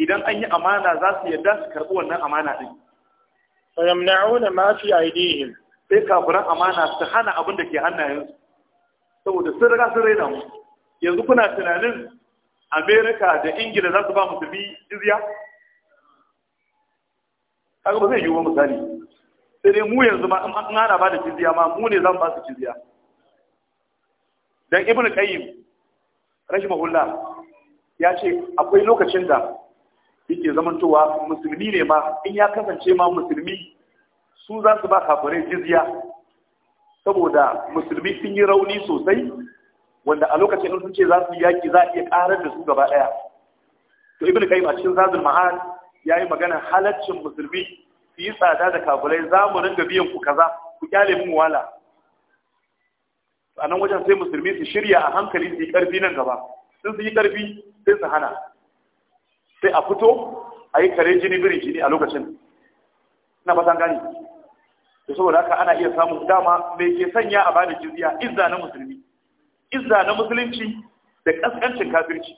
idan an yi amana za su yarda su karɓi wannan amana din fa yamna'una ma fi aidihim sai kafiran amana su hana abin da ke hannayensu saboda sun riga sun raina mu yanzu kuna tunanin amerika da ingila za su ba musulmi jizya kaga ba zai yiwu misali sai dai mu yanzu ma in ana ba da jizya ma mu ne zan ba su jizya dan ibnu qayyim rahimahullah ya ce akwai lokacin da yake zamantowa musulmi ne ma in ya kasance ma musulmi su za su ba kafirai jizya saboda musulmi sun yi rauni sosai wanda a lokacin sun ce za su yaki za a iya karar da su gaba daya to ibnu kai a cikin zazul ya yi magana halaccin musulmi su yi tsada da kabulai za mu ringa biyan ku kaza ku kyale mu wala a nan wajen sai musulmi su shirya a hankali su yi karfi nan gaba sun su yi karfi sai su hana sai a fito a yi kare jini birin jini a lokacin na fatan gani da saboda haka ana iya samun dama mai ke sanya a bada jizya izza na musulmi izza na musulunci da kaskancin kafirci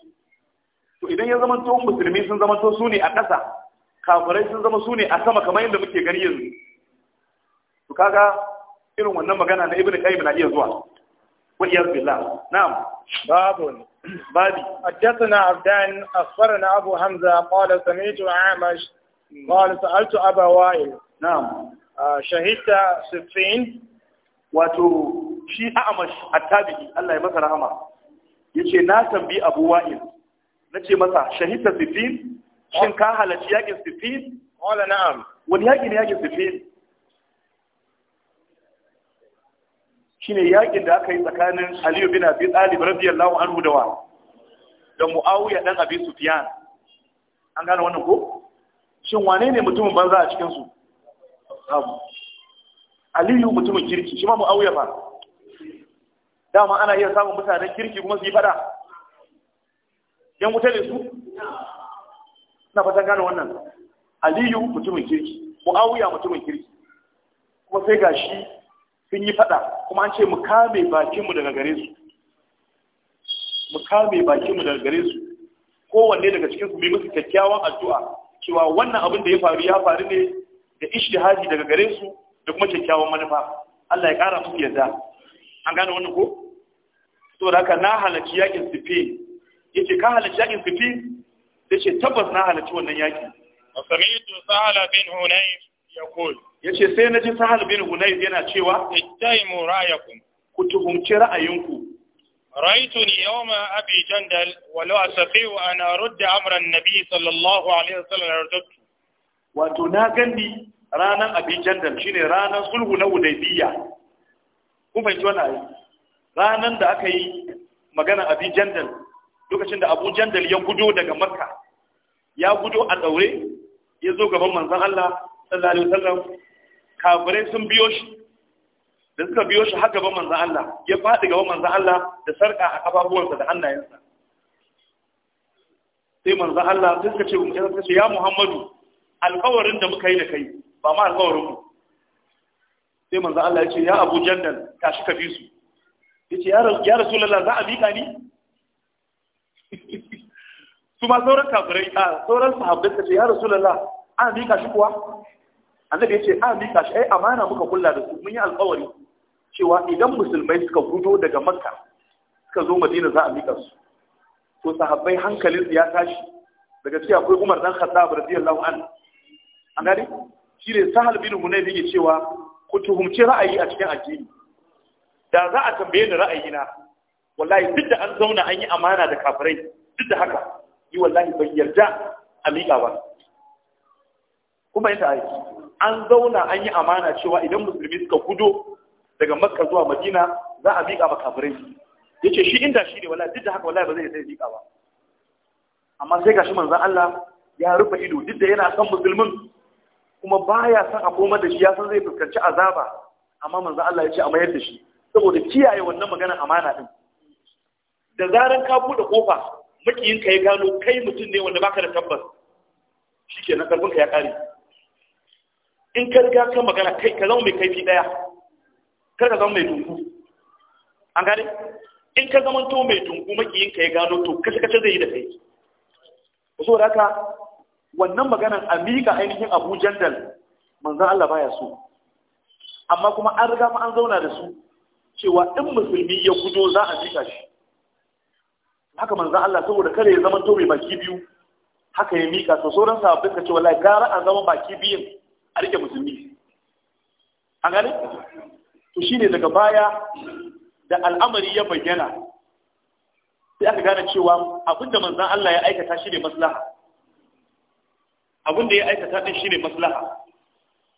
to idan ya zama to musulmi sun zama to su ne a ƙasa kafirai sun zama su ne a sama kamar yadda muke gani yanzu to kaga irin wannan magana na ibnu qayyim na iya zuwa wa iyaz billah na'am babu babi haddathana abdan asfarna abu hamza qala sami'tu amash qala sa'altu aba wa'il na'am Shahita sifin wato shi a'amash attabi'i Allah ya masa rahama yace na tambi Abu Wa'il nace masa Shahita sifin shin ka halarci yakin sifin wala na'am wani yaki ne yakin sifin shine yakin da aka yi tsakanin Aliyu bin Abi Talib radiyallahu anhu da wa da Muawiya dan Abi Sufyan an gane wannan ko shin wane ne mutumin banza a cikin su samu aliyu mutumin kirki shi ma auya fa dama ana iya samun mutanen kirki kuma su yi fada yan wuta ne su na fata gane wannan aliyu mutumin kirki mu auya mutumin kirki kuma sai gashi sun yi fada kuma an ce mu kame bakinmu daga gare su mu kame bakinmu daga gare su kowanne daga cikin su mai musu kyakkyawan addu'a cewa wannan abin da ya faru ya faru ne da ishtihadi daga gare su da kuma kyakkyawan manufa Allah ya kara musu yarda an gane wannan ko saboda haka na halarci yakin sifi yace ka halarci yakin sifi yace tabbas na halarci wannan yaki wa sami'tu sahla bin hunayf yaqul yace sai naji sahal bin hunayf yana cewa ittaimu ra'ayakum ku tuhumci ra'ayinku رأيتني يوم أبي جندل ولو أستطيع أن أرد أمر sallallahu صلى wa sallam وسلم رددت wato na gandi ranar abin shi shine ranar sulhu na hudaibiyya kuma yi wannan yi ranar da aka yi magana abin jandal lokacin da abu jandal ya gudo daga makka ya gudo a daure ya zo gaban manzan Allah sallallahu alaihi wasallam kafirai sun biyo shi da suka biyo shi har gaban manzan Allah ya faɗi gaban manzan Allah da sarka a kafafuwansa da hannayensa sai manzan Allah sai suka ce ya Muhammadu alkawarin da muka yi da kai ba ma alkawarin mu sai manzo Allah ya ce ya Abu Jandal tashi ka bi su yace ya ya Rasulullah za a bika ni su ma sauran kafirai a sauran sahabbai ce ya Rasulullah an bika shi kuwa annabi yace an bika shi ai amana muka kulla da su mun yi alkawari cewa idan musulmai suka gudo daga Makka suka zo Madina za a bika su to sahabbai hankalin ya tashi daga cikin akwai Umar dan Khattab radiyallahu anhu an gani shi ne sahal bin da yake cewa ku tuhumce ra'ayi a cikin addini da za a tambaye ni ra'ayina wallahi duk da an zauna an yi amana da kafirai duk da haka yi wallahi ban yarda a miƙa ba kuma yadda aiki an zauna an yi amana cewa idan musulmi suka gudo daga makka zuwa madina za a miƙa ma kafirai ya ce shi inda shi ne wallahi duk da haka wallahi ba zai sai miƙa ba amma sai gashi manzan Allah ya rufe ido duk da yana son musulmin kuma baya son a koma da shi ya san zai fuskanci azaba amma manzo Allah ya ce a mayar da shi saboda kiyaye wannan maganar amana din da zaran ka bude kofa makiyin ka ya gano kai mutum ne wanda baka da tabbas shikenan karfin ka ya kare in ka riga ka magana kai ka zama mai kaifi daya kar ka zama mai dunku an gane in ka zama to mai dunku makiyin ka ya gano to kace kace zai yi da kai saboda haka wannan maganan a miƙa ainihin abu jandal manzan Allah baya so amma kuma an riga ma an zauna da su cewa in musulmi ya gudo za a miƙa shi haka manzan Allah saboda kare ya zama tobe baki biyu haka ya miƙa so sauran sababbin ka ce wallahi gara a zama baki biyun a rike musulmi an gane to shine daga baya da al'amari ya bayyana sai aka gane cewa abinda manzan Allah ya aikata shi ne maslaha abin da ya aikata din shine maslaha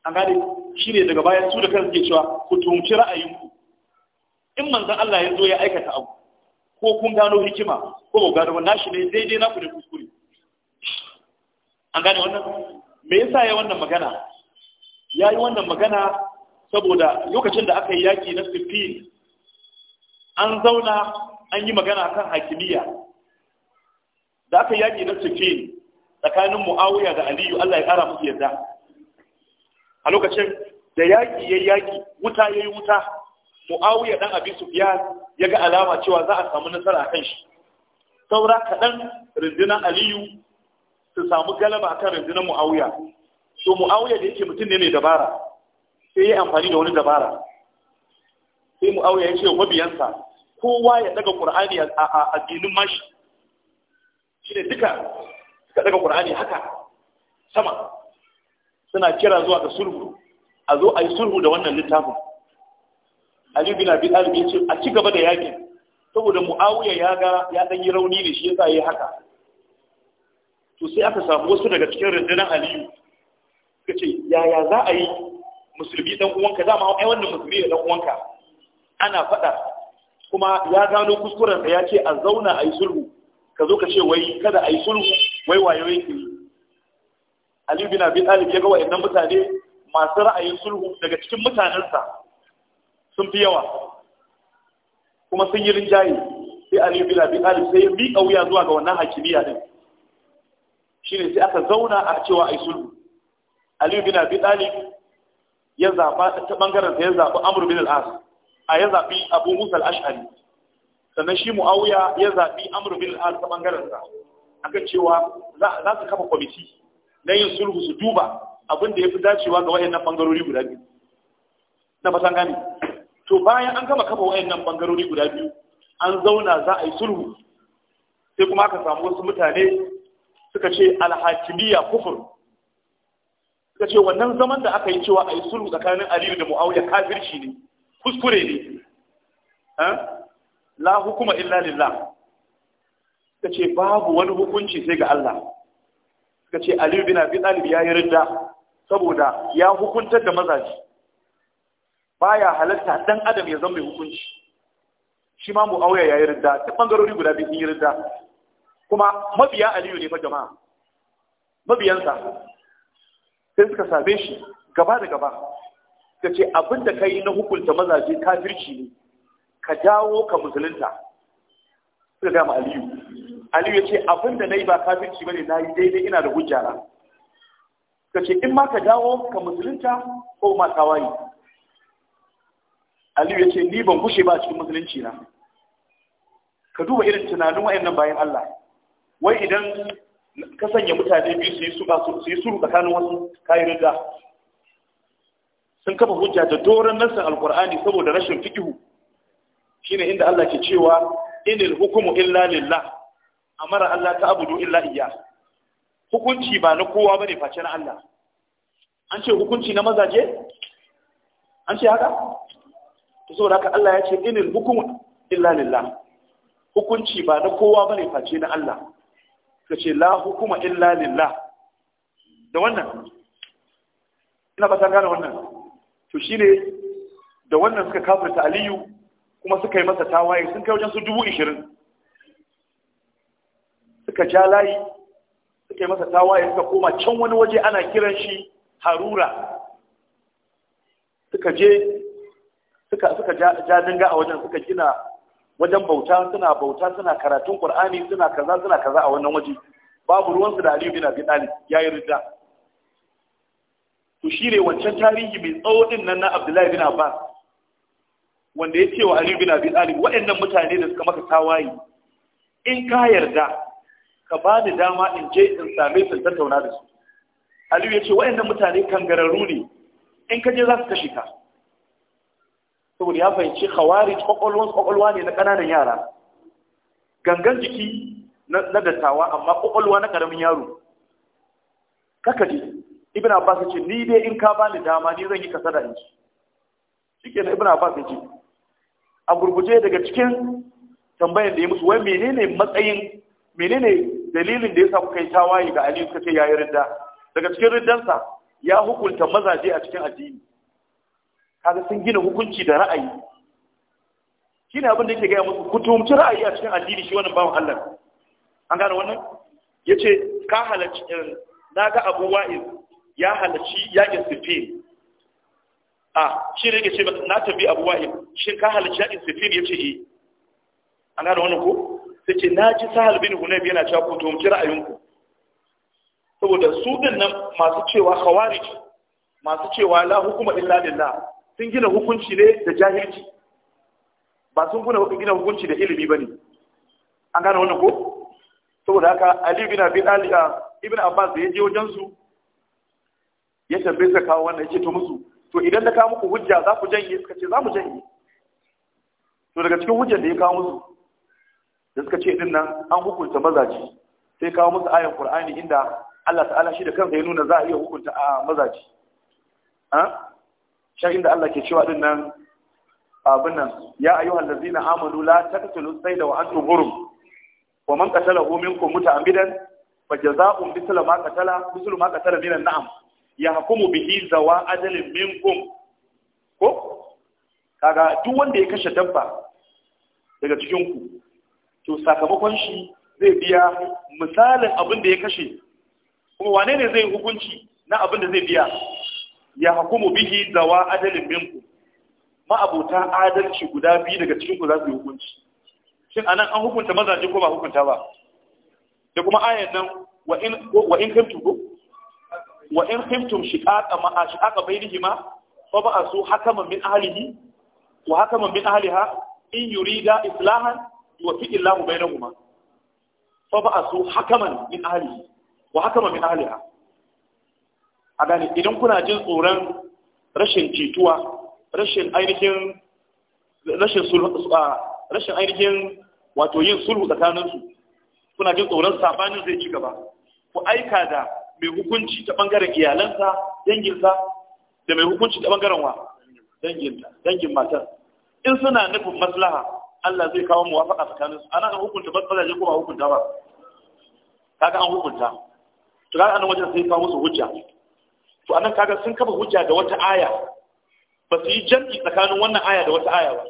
an gane shine daga bayan su da kan suke cewa ku tumci ra'ayinku in manzan Allah ya zo ya aikata abu ko kun gano hikima ko ba gano shi ne daidai na ku da kuskure an gane wannan me yasa ya wannan magana ya yi wannan magana saboda lokacin da aka yi yaki na sifin an zauna an yi magana kan hakimiyya da aka yaki na sifin tsakanin mu'awiya da aliyu Allah ya kara musu yadda a lokacin da yaƙi ya yaƙi wuta ya yi wuta mu'awiya dan su biya ya ga alama cewa za a samu nasara akan shi saura kaɗan rundunar aliyu su samu galaba akan rundunar mu'awiya to mu'awiya da yake mutum ne mai dabara sai ya amfani da wani dabara sai mu'awiya ya ce wa mabiyansa kowa ya daga ƙur'ani a addinin mashi ne duka ka daga qur'ani haka sama suna kira zuwa ga sulhu a zo a yi sulhu da wannan littafin ali bin abi talib ya ce a ci gaba da yakin saboda muawiya ya ga ya dan yi rauni ne shi yasa yayi haka to sai aka samu wasu daga cikin rundunar aliyu suka ce yaya za a yi musulmi dan uwanka dama ai wannan musulmi ne dan uwanka ana faɗa kuma ya gano kuskuren ya ce a zauna a yi sulhu ka zo ka ce wai kada a yi sulhu wai wayo yake yi Ali bin Abi Talib ya ga wa'annan mutane masu ra'ayin sulhu daga cikin mutanensa sun fi yawa kuma sun yi rinjaye sai Ali bin Abi Talib sai ya miƙa wuya zuwa ga wannan hakimiya din shine sai aka zauna a cewa ai sulhu Ali bin Abi Talib ya zaba ta bangaren sa ya zaba Amr bin al-As a ya zabi Abu Musa al-Ash'ari sannan shi Muawiya ya zabi Amr bin al-As ta bangaren sa akan cewa za su kafa kwamiti na yin sulhu su duba abin ya fi dacewa ga wayannan bangarori guda biyu na fasan gani to bayan an gama kafa wayannan bangarori guda biyu an zauna za a yi sulhu sai kuma aka samu wasu mutane suka ce alhakimiyya kufur suka ce wannan zaman da aka yi cewa a yi sulhu tsakanin aliyu da mu'awiya kafirci ne kuskure ne la hukuma illa lillah suka ce babu wani hukunci sai ga Allah suka ce Aliyu bin Abi Talib ya yi ridda saboda ya hukuntar da mazaji baya halatta dan adam ya zama mai hukunci shi ma Muawiya ya yi ridda ta bangarori guda biyu yi ridda kuma mabiya Aliyu ne fa jama'a mabiyansa sai suka same shi gaba da gaba suka ce abinda kai na hukunta mazaje kafirci ne ka dawo ka musulunta suka gama Aliyu aliyu ya ce abin da na yi ba kafirci ba ne na yi daidai ina da hujja na ka ce in ma ka dawo ka musulunta ko ma tawaye aliyu ya ce ni ban gushe ba cikin musulunci na ka duba irin tunanin wayannan bayan Allah wai idan ka sanya mutane biyu su yi suka su yi suru tsakanin wasu kayi riga. sun kafa hujja da doron nasan Alƙur'ani saboda rashin Shi shine inda Allah ke cewa inil hukumu illa lillah amara Allah ta abudu illa iya hukunci ba na kowa bane face na Allah an ce hukunci na mazaje an ce haka to saboda haka Allah ya ce inin hukuma illa lillah hukunci ba na kowa bane face na Allah kace la hukuma illa lillah da wannan ina ba san gane wannan to shine da wannan suka kafirta Aliyu kuma suka yi masa tawaye sun kai wajen su dubu ishirin suka ja layi suka yi masa tawaye suka koma can wani waje ana kiran shi harura suka je suka ja dinga a wajen suka gina wajen bauta suna bauta suna karatun ƙur'ani, suna kaza suna kaza a wannan waje babu ruwansu da aliyu bin abi ya yi ridda to shi ne wancan tarihi mai tsawo din nan na abdullahi bin abbas wanda ya ce wa aliyu bin abi talib waɗannan mutane da suka maka tawaye in ka yarda ka ba ni dama in je in same su tattauna da su aliyu ya ce wa'annan mutane kan gararu ne in ka je za su kashe ka saboda ya fahimci hawari kwakwalwansu kwakwalwa ne na ƙananan yara gangan jiki na dattawa amma kwakwalwa na ƙaramin yaro kaka je ibn abbas ce ni dai in ka bani dama ni zan yi kasada inci ci shikenan ibn abbas ya ce a gurguje daga cikin tambayar da ya musu wai menene matsayin menene dalilin da yasa kuka yi tawaye ga Ali kuka ce ya yi ridda daga cikin riddansa ya hukunta mazaje a cikin addini kaga sun gina hukunci da ra'ayi shi ne abin da yake gaya musu ku tumci ra'ayi a cikin addini shi wannan bawan Allah an gane wannan yace ka halarci eh, na ga Abu Wa'iz ya halarci yakin Sifin a shi ne yake ce na tabi Abu Wa'iz shin ka halarci yakin Sifin yace eh an gane wannan ko ta ce na ji sahal bin hunayf yana cewa ku tumci ra'ayinku saboda su din nan masu cewa khawarij masu cewa la hukuma illa lillah sun gina hukunci ne da jahilci ba sun gina hukunci da ilimi bane an gane wannan ko saboda haka Ali bin Abi Talib ah, ibn Abbas da yaje wajen su ya tambaye ka kawo wannan yace to musu to idan na kawo muku hujja za ku janye suka ce za mu janye to daga cikin hujjar da ya kawo musu da suka ce din nan an hukunta mazaji sai kawo musu ayan qur'ani inda Allah ta'ala shi da kansa ya nuna za a iya hukunta a mazaji ha shi inda Allah ke cewa din nan abin nan ya ayyuhal ladzina amanu la taqtulu sayda wa antum hurum wa man qatalahu minkum muta'ammidan fajaza'un mithla ma qatala mithlu ma qatala minan na'am Ya hukumu bihi zawa ajalin minkum ko kaga duk wanda ya kashe dabba daga cikin ku to sakamakon shi zai biya misalin abin da ya kashe kuma wane ne zai hukunci na abin da zai biya ya hukumu bihi zawa adalin minku abota adalci guda biyu daga cikin ku za su yi hukunci shin anan an hukunta mazaje ko ba hukunta ba da kuma ayan nan wa in wa in kuntum wa in kuntum shiqaqa ma shiqaqa bainihima fa ba'asu hakaman min ahlihi wa hakaman min ahliha in yurida islahan yuwaffiqu Allahu bainahuma fa ba'asu hakaman min ahlihi wa hakaman min ahliha a idan kuna jin tsoron rashin cituwa rashin ainihin rashin sulhu rashin ainihin wato yin sulhu su kuna jin tsoron sabanin zai ci gaba ku aika da mai hukunci ta bangaren iyalansa danginsa da mai hukunci ta bangaren wa danginta dangin matar in suna nufin maslaha Allah zai kawo mu wafaka tsakanin su ana hukunta ba mazaje ko ba hukunta ba kaga an hukunta to kaga an wajen sai kawo musu hujja to anan kaga sun kafa hujja da wata aya ba su yi jam'i tsakanin wannan aya da wata aya ba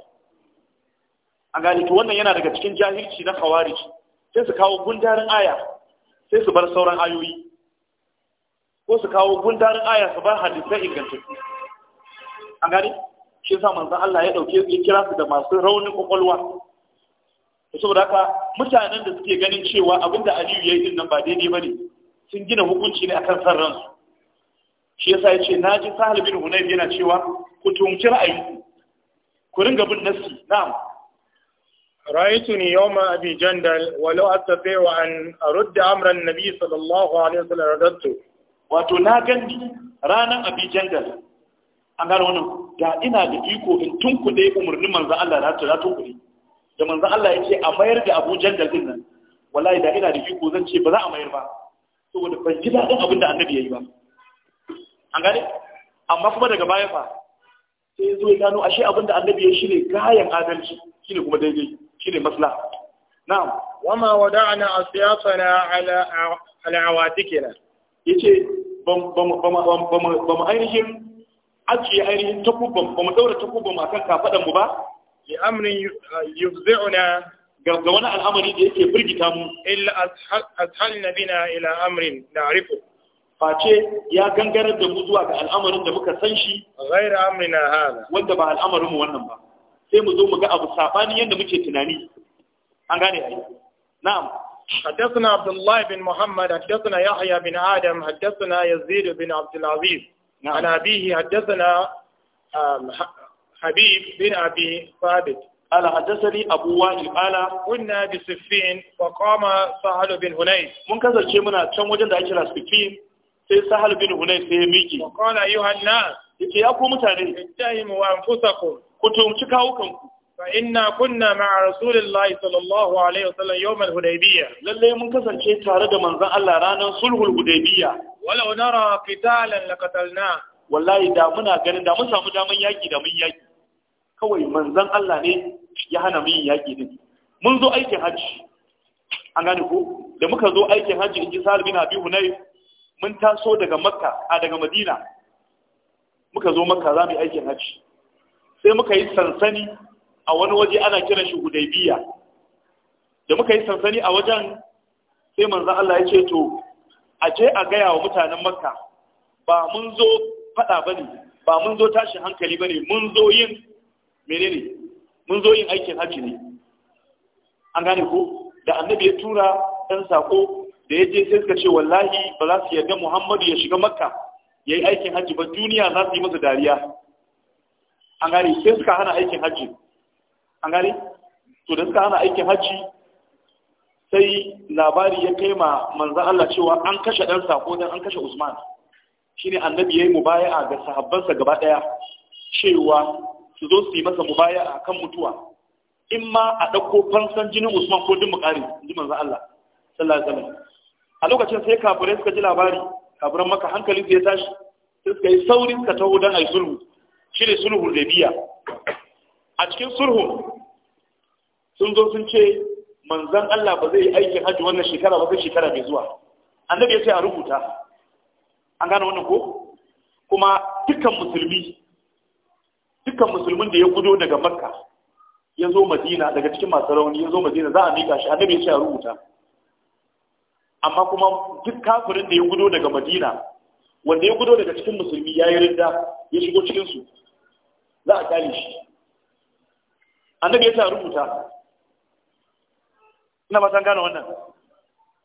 an gane to wannan yana daga cikin jahilci na khawarij sai su kawo gundarin aya sai su bar sauran ayoyi ko su kawo gundarin aya su bar hadisai ingantattu an gane shi sa manzon Allah ya dauke ya kira su da masu raunin kokolwa saboda haka mutanen da suke ganin cewa abinda Aliyu ya yi din nan ba daidai bane sun gina hukunci ne akan san ransu shi yasa ya naji na ji sahal bin hunayf yana cewa ku tumci ra'ayi ku ringa bin nasi na'am wa law أبي جندل ولو أستطيع أن أرد أمر النبي صلى الله wato na gandi ranan abi jandal an أنا wannan da ina da iko in dai umarnin manzo Allah na tura tunkuɗe da manzo Allah ya ce a mayar da Abu Jandal din nan wallahi da ina da iko zan ce ba za a mayar ba saboda ban ji daɗin abin da annabi ya yi ba an gane amma kuma daga baya fa sai zo ya gano ashe abin da annabi ya shine gayan adalci shine kuma daidai shine maslaha na'am wama wada'na asiyatana ala ala awatikina yace bam bam bam bam bam ainihin ajiye ainihin takubban ba mu daura takubban akan kafaɗan mu ba li amrin ah, yufzi'una ga wani al'amari da yake birgita mu illa ashalna bina ila amrin na'rifu face ya gangarar da mu zuwa ga al'amarin da muka san shi ghaira amrina hada wanda ba al'amarin mu wannan ba sai mu zo mu ga abu sabani yanda muke tunani an gane ai na'am حدثنا عبد الله بن محمد حدثنا يحيى بن آدم حدثنا يزيد بن عبد العزيز عن أبيه حدثنا حبيب بن أبي ثابت قال حدثني أبو وائل قال كنا بصفين وقام سهل بن هنيس من كذا شيء منا كم وجد أجل صفين sai سهل بن هنيس sai miki qala ayuha an-nas yace ya ku mutane ittahimu فإنا كنا مع رسول الله صلى الله عليه وسلم يوم الهديبية للي من شيء تارد من ذا الله رانا صلح الهديبية ولو نرى قتالا لقتلناه والله دا منا غنن سامو daman yaki da mun yaki kawai manzon Allah ne ya hana mun yaki din mun zo aikin hajji an gane ko da muka zo aikin hajji in ji Sa'ad bin Abi Hunayf mun taso daga Makka a daga Madina muka zo Makka za mu yi aikin hajji sai muka yi sansani a wani waje ana kiran shi hudaibiya da muka yi sansani a wajen sai manzan Allah ya ce to a je a gaya wa mutanen makka ba mun zo faɗa ba ne ba mun zo tashin hankali ba ne mun zo yin ne? mun zo yin aikin hajji ne an gane ko da annabi ya tura ɗan sako da ya je sai suka ce wallahi ba za su yarda muhammadu ya shiga makka ya yi aikin hajji ba duniya za su yi masa dariya an gane sai suka hana aikin hajji an gane to da suka hana aikin hajji sai labari ya kai ma manzan Allah cewa an kashe ɗan sako dan an kashe Usman shine annabi yayi mubaya'a ga sahabbansa gaba ɗaya cewa su zo su yi masa mubaya'a kan mutuwa in ma a ɗauko fansan jinin Usman ko din mukari ji manzan Allah sallallahu alaihi wasallam a lokacin sai kafirai suka ji labari kafiran maka hankali ya tashi sai suka yi sauri ka taho dan ayi sulhu shine sulhu da biya a cikin sulhu sun zo sun ce manzan Allah ba zai yi aikin hajji wannan shekara ba sai shekara mai zuwa annabi ya ce a rubuta an gane wannan ko kuma dukkan musulmi dukkan musulmin da ya gudo daga makka ya zo madina daga cikin masu rauni ya zo madina za a miƙa shi annabi ya ce a rubuta amma kuma duk kafirin da ya gudo daga madina wanda ya gudo daga cikin musulmi ya yi rinda ya shigo cikinsu za a kyale shi annabi ya ta rubuta ina san gane wannan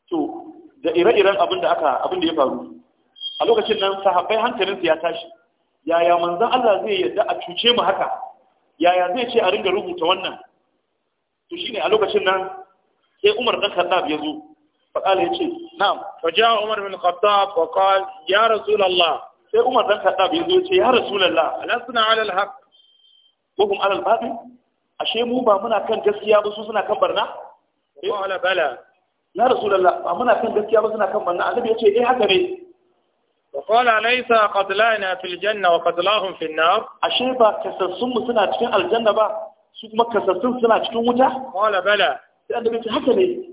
to da ire-iren abin da aka abin da ya faru a lokacin nan sahabbai su ya tashi yaya manzon Allah zai yadda a cuce mu haka yaya zai ce a ringa rubuta wannan to shine a lokacin nan sai Umar dan Khattab ya zo فقال na'am fa فجاء Umar bin Khattab wa يا ya rasulullah sai Umar dan Khattab zo ya ce ya Rasulullah alasna ala alhaq wa hum ala albatil ashe mu ba muna kan gaskiya ba su suna kan barna wala bala ya rasulullah ba muna kan gaskiya ba suna kan barna annabi yace eh haka ne wa qala laysa qad وقال ليس قتلانا في الجنة وقتلاهم في النار أشيء با كسسون سنة تكون الجنة با سوك ما كسسون سنة تكون وتا قال بلى لأن بيت حسني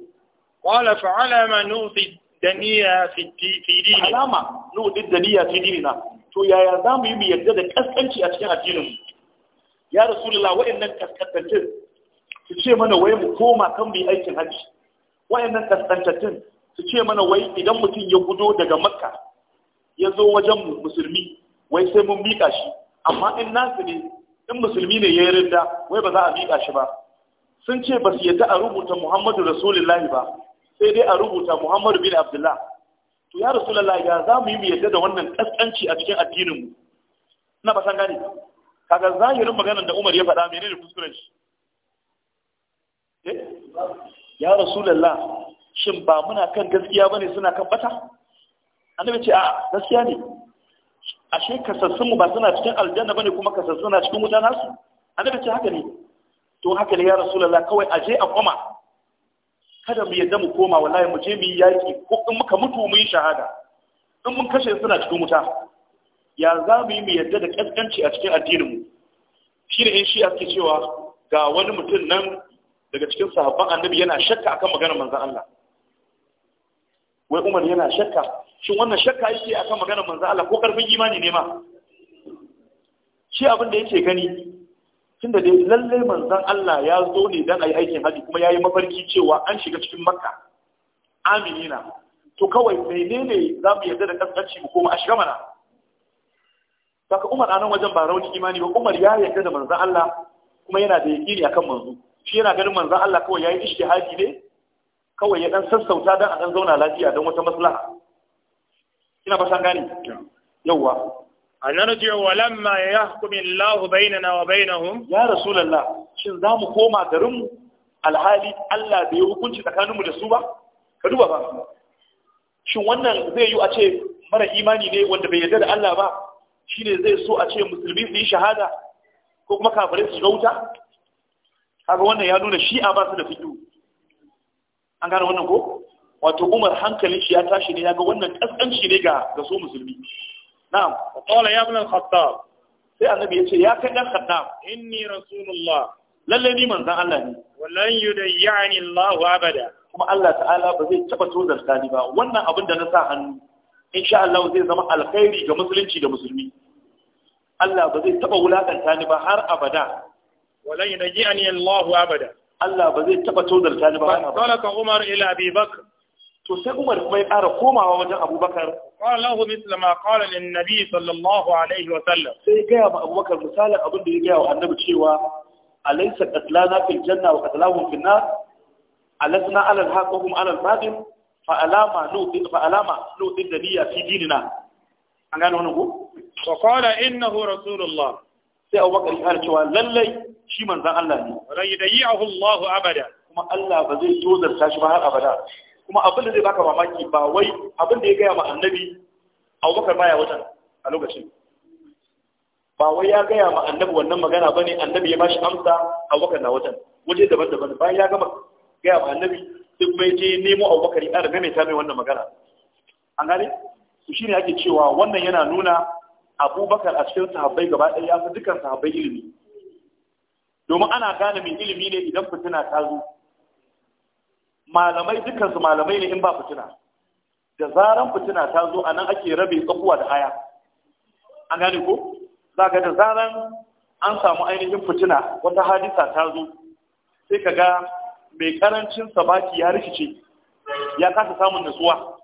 قال فعلى ما ma nuti daniya fi fi dinina alama nuti daniya fi dinina to yaya zamu yi mu yarda da kaskanci a cikin addinin ya rasulullah nan kaskantattun su ce mana wai mu koma kan mu yi aikin hajji nan kaskantattun su ce mana wai idan mutum ya gudu daga makka ya zo wajen musulmi wai sai mun miƙa shi amma in nasu ne in musulmi ne ya yi rinda wai ba za a miƙa shi ba sun ce ba su yadda a rubuta muhammadu rasulullahi ba sai dai a rubuta muhammadu bin abdullah to ya rasulullahi ya za mu yi mu yadda da wannan kaskanci a cikin addininmu na ba san gane kaga zahirin maganar da Umar ya faɗa ne kuskuren shi eh? ya rasulullah shin ba muna kan gaskiya bane suna kan bata annabi ce a gaskiya ne ashe kasassun mu ba suna cikin aljanna bane kuma kasassun suna cikin wuta nasu annabi ce haka ne to haka ne ya rasulullah kawai a je a koma kada mu yadda mu koma wallahi mu je mu yi yaki ko in muka mutu mu yi shahada in mun kashe suna cikin wuta ya za mu yi mu yadda da ƙasƙanci a cikin addininmu shi ne in shi ake cewa ga wani mutum nan daga cikin sahabban annabi yana shakka akan maganar manzan Allah wai umar yana shakka shin wannan shakka yake akan maganar manzan Allah ko karfin imani ne ma shi abin da yake gani tun da dai lalle manzan Allah ya zo ne dan ayi aikin haji kuma yayi mafarki cewa an shiga cikin makka Amina, to kawai menene za mu yarda da kaskanci mu koma a shiga mana saka umar anan wajen ba rauni imani ba umar ya yarda da manzan Allah kuma yana da a akan manzo shi yana ganin manzan Allah kawai yayi ishtihadi ne kawai ya dan sassauta dan a dan zauna lafiya dan wata maslaha ina ba san gane yawa annarji wa lamma yahkum Allah bainana wa bainahum ya rasulullah shin za mu koma garin mu alhali Allah bai hukunci tsakaninmu da su ba ka duba ba shin wannan zai yi a ce mara imani ne wanda bai yarda da Allah ba ne zai so a ce musulmi su yi shahada ko kuma kafirai su shiga wuta kaga wannan ya nuna shi'a ba su da fito an gane wannan ko wato umar hankalin shi ya tashi ne ya ga wannan kaskanci ne ga ga musulmi na'am wa qala ya ibn al-khattab sai annabi ya ce ya kai dan khattab inni rasulullah lalle ni manzon Allah ne wallan yudayyani Allah abada kuma Allah ta'ala ba zai taba tozarta ni ba wannan abin da na sa hannu insha Allah zai zama alkhairi ga musulunci da musulmi Allah ba zai taɓa wulakanta ni ba har abada wala yunji'ani Allah abada Allah ba zai taɓa tozarta ni ba har abada ka Umar ila Abi Bakr to sai Umar kuma ya ƙara komawa wajen Abubakar qala lahu mithla ma qala lin nabi sallallahu alaihi wa sallam sai gaya ma Abubakar misalin abin da ya gaya wa annabi cewa a alaysa qatlana fil janna wa qatlahum fil nar alasna ala al-haqq wa hum ala al-batil fa alama nu'ti fa alama fi dinina an gane wannan ko wa qala innahu rasulullah sai Abubakar ya wa lallai shi manzan Allah ne wa yudayyihu Allahu abada kuma Allah ba zai tozarta shi ba har abada kuma abin da zai baka mamaki ba wai abin da ya gaya ma annabi Abubakar baya wajen a lokacin ba wai ya gaya ma annabi wannan magana ba ne annabi ya bashi amsa a wakar na wajen waje daban-daban bayan ya gama gaya ma annabi sai kuma ya je nemo Abubakar ya riga mai ta mai wannan magana an gane shi ne ake cewa wannan yana nuna abubakar a cikin sahabbai gaba ɗaya ya fi dukkan sahabbai ilimi domin ana gane mai ilimi ne idan fitina ta zo malamai dukkansu malamai ne in ba fitina da zaran fitina ta zo a nan ake rabe tsakuwa da haya an gane ko za ga da zaran an samu ainihin fitina wata hadisa ta zo sai ka ga mai karancin sabaki ya rikice ya kasa samun nutsuwa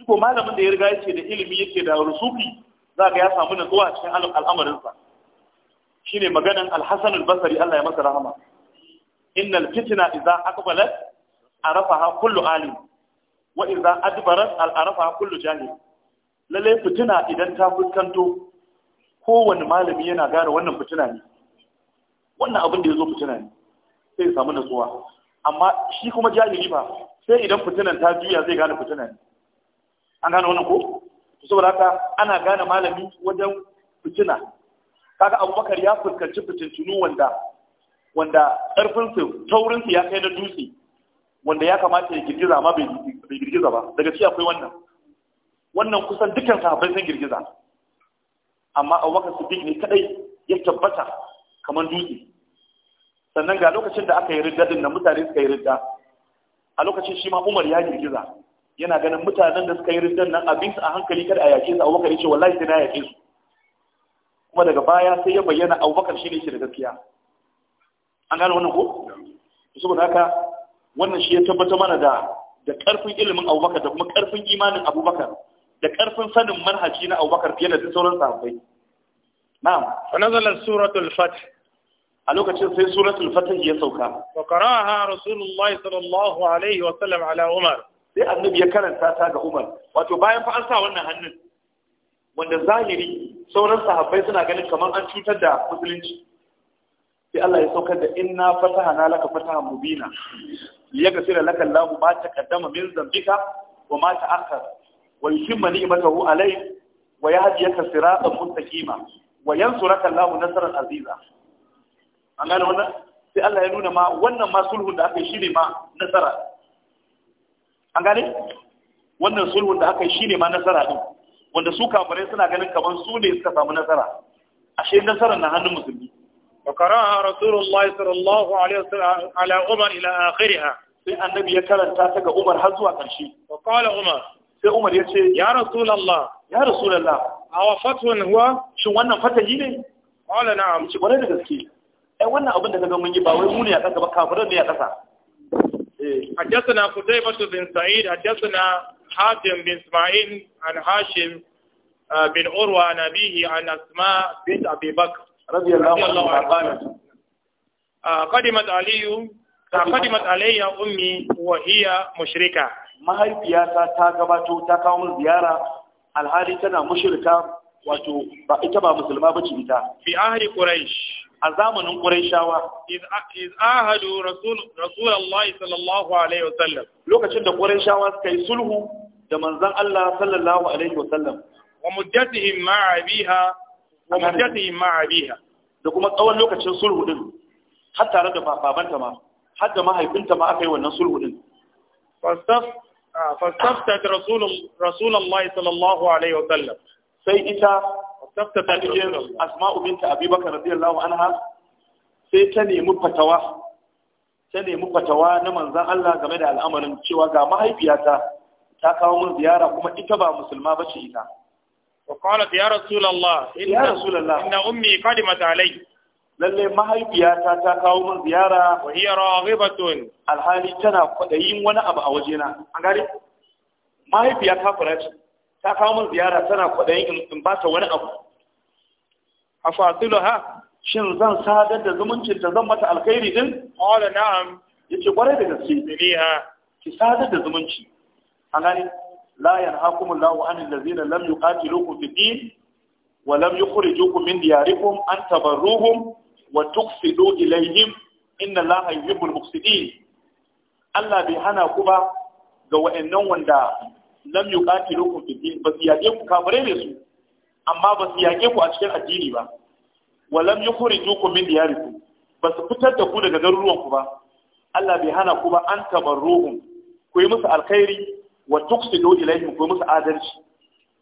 shi ko malamin da ya riga yake da ilimi yake da rusuki za ka ya samu na zuwa cikin al'amarinsa Shi ne maganin alhassan albasari Allah ya masa rahama innal fitna idza aqbalat arafaha kullu alim wa idza adbarat al-arafaha kullu jahil lalle fitina idan ta fuskanto kowanne malami yana gane wannan fitina ne wannan abin da ya zo fitina ne sai ya samu natsuwa amma shi kuma jahili ba sai idan fitinan ta juya zai gane fitina ne an gane wannan ko saboda haka ana gane malami wajen fitina kaga abubakar ya fuskanci fitintunu wanda wanda karfin su taurin ya kai da dutse wanda ya kamata ya girgiza amma bai girgiza ba daga ci akwai wannan wannan kusan dukkan sahabbai sun girgiza amma abubakar siddiq ne kadai ya tabbata kamar dutse sannan ga lokacin da aka yi riddadin da mutane suka yi ridda a lokacin shi ma umar ya girgiza yana ganin mutanen da suka yi rindan nan abin su a hankali kada a yake su abubakar yace wallahi sai na yake su kuma daga baya sai ya bayyana abubakar shi ne shi da gaskiya an gane wannan ko saboda haka wannan shi ya tabbata mana da da karfin ilimin abubakar da kuma ƙarfin imanin abubakar da ƙarfin sanin manhaji na abubakar fiye da duk sauran sahabbai na'am fa nazalat suratul fath a lokacin sai suratul fath ya sauka wa qara'aha rasulullahi sallallahu alaihi wa sallam ala umar sai annabi ya karanta ta ga Umar wato bayan fa an sa wannan hannun wanda zahiri sauran sahabbai suna ganin kamar an cutar da musulunci sai Allah ya saukar da inna fatahana laka fatahan mubina liyaghfira laka Allahu ma taqaddama min dhanbika wa ma ta'akhkhara wa yutimma ni'matahu alayk wa yahdiyaka siratan mustaqima wa yansuraka Allahu nasran aziza an gane wannan sai Allah ya nuna ma wannan ma sulhun da aka yi shine ma nasara an gane wannan sulhun da aka yi shine ma nasara din wanda su kafirai suna ganin kaman su ne suka samu nasara ashe nasarar na hannun musulmi wa qara'a rasulullahi sallallahu alaihi wasallam ala umar ila akhiriha sai annabi ya karanta ta ga umar har zuwa karshe wa qala umar sai umar ya ce ya rasulullah ya rasulullah awa fatun huwa shin wannan fatahi ne qala na'am ci kwarai da gaske ai wannan abin da kaga mun yi ba wai mu ne a kasa ba kafirai ne a kasa حدثنا قتيبة بن سعيد حدثنا حاتم بن اسماعيل عن هاشم بن عروة عن أبيه عن أسماء بنت أبي بكر رضي الله عنها قالت قدمت علي قدمت علي أمي وهي مشركة ما هي بياسة تاقبتو تاقوم زيارة الحالي تنا مشركة wato ba ita ba musulma ba ce a zamanin Qurayshawa iz ahadu rasul rasulullah sallallahu alaihi wasallam lokacin da Qurayshawa suka yi sulhu da manzon Allah sallallahu alaihi wasallam wa muddatihim ma'a biha wa muddatihim ma'a biha da kuma tsawon lokacin sulhu din har tare da babanta ma har da mahaifinta ma aka yi wannan sulhu din fasaf ah, fasafta rasulullah sallallahu alaihi wasallam sai ita dokta ta asma'u binta abubakar radiyallahu anha sai ta nemi fatawa ta nemi fatawa na manzan Allah game da al'amarin cewa ga mahaifiyata ta kawo min ziyara kuma ita ba musulma bace ita wa qalat ya rasulullah ya rasulullah inna ummi qadimat alai lalle mahaifiyata ta kawo min ziyara wa hiya raghibatun alhali tana kwadayin wani abu a wajena an gare mahaifiya kafira ce ta kawo min ziyara tana kwaɗayin in ba ta wani abu a ha, shin zan sadar da zumuncin ta zan mata alkhairi din qala na'am yace kwarai da gaske daliha ki sadar da zumunci an gane la la'u Allahu anil ladzina lam yuqatilukum fid din wa lam yukhrijukum min diyarikum an tabarruhun, wa tuqsidu ilayhim inna Allaha yuhibbul muqsidin Allah bai hana ku ba ga wa'annan wanda lam yuqatilukum fi din ba su yaƙe ku kafirai ne su amma ba su ku a cikin addini ba wa lam yukhrijukum min diyarikum ba su fitar da ku daga garuruwan ku ba Allah bai hana ku ba an tabarruhum ku yi musu alkhairi wa tuqsidu ilayhim ku yi musu adalci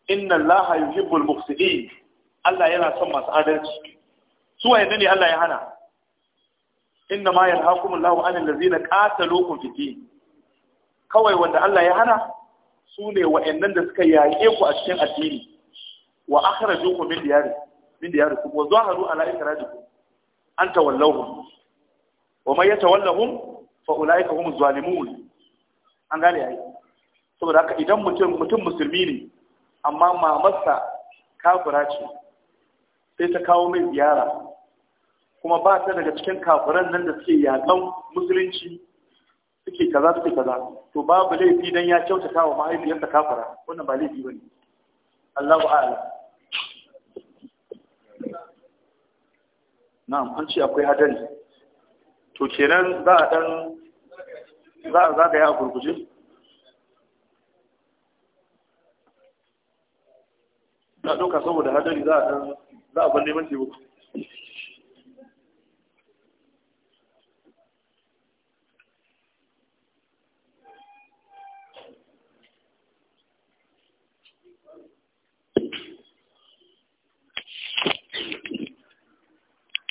inna Allah yuhibbul muqsidin Allah yana son masu adalci su waye ne Allah ya hana inna ma yanhaakum Allahu anil ladzina qataluukum fi din kawai wanda Allah ya hana su ne wa'annan da suka yaƙe ku a cikin addini wa akhraju ku min diyari min diyari ku wa zaharu ala ikrajikum an tawallahum wa man yatawallahum fa ulaika hum zalimun an gane yayi saboda haka idan mutum mutum musulmi ne amma mamarsa kafira ce sai ta kawo mai ziyara kuma ba ta daga cikin kafiran nan da suke yaƙan musulunci suke kaza suke kaza to babu laifi dan ya kyautata wa mahaifiyarsa kafara wannan ba laifi bane Allahu a'ala na'am an ce akwai hadari to kenan za a dan za a zagaya a gurguje na ɗauka saboda hadari za a dan za a bar neman taimako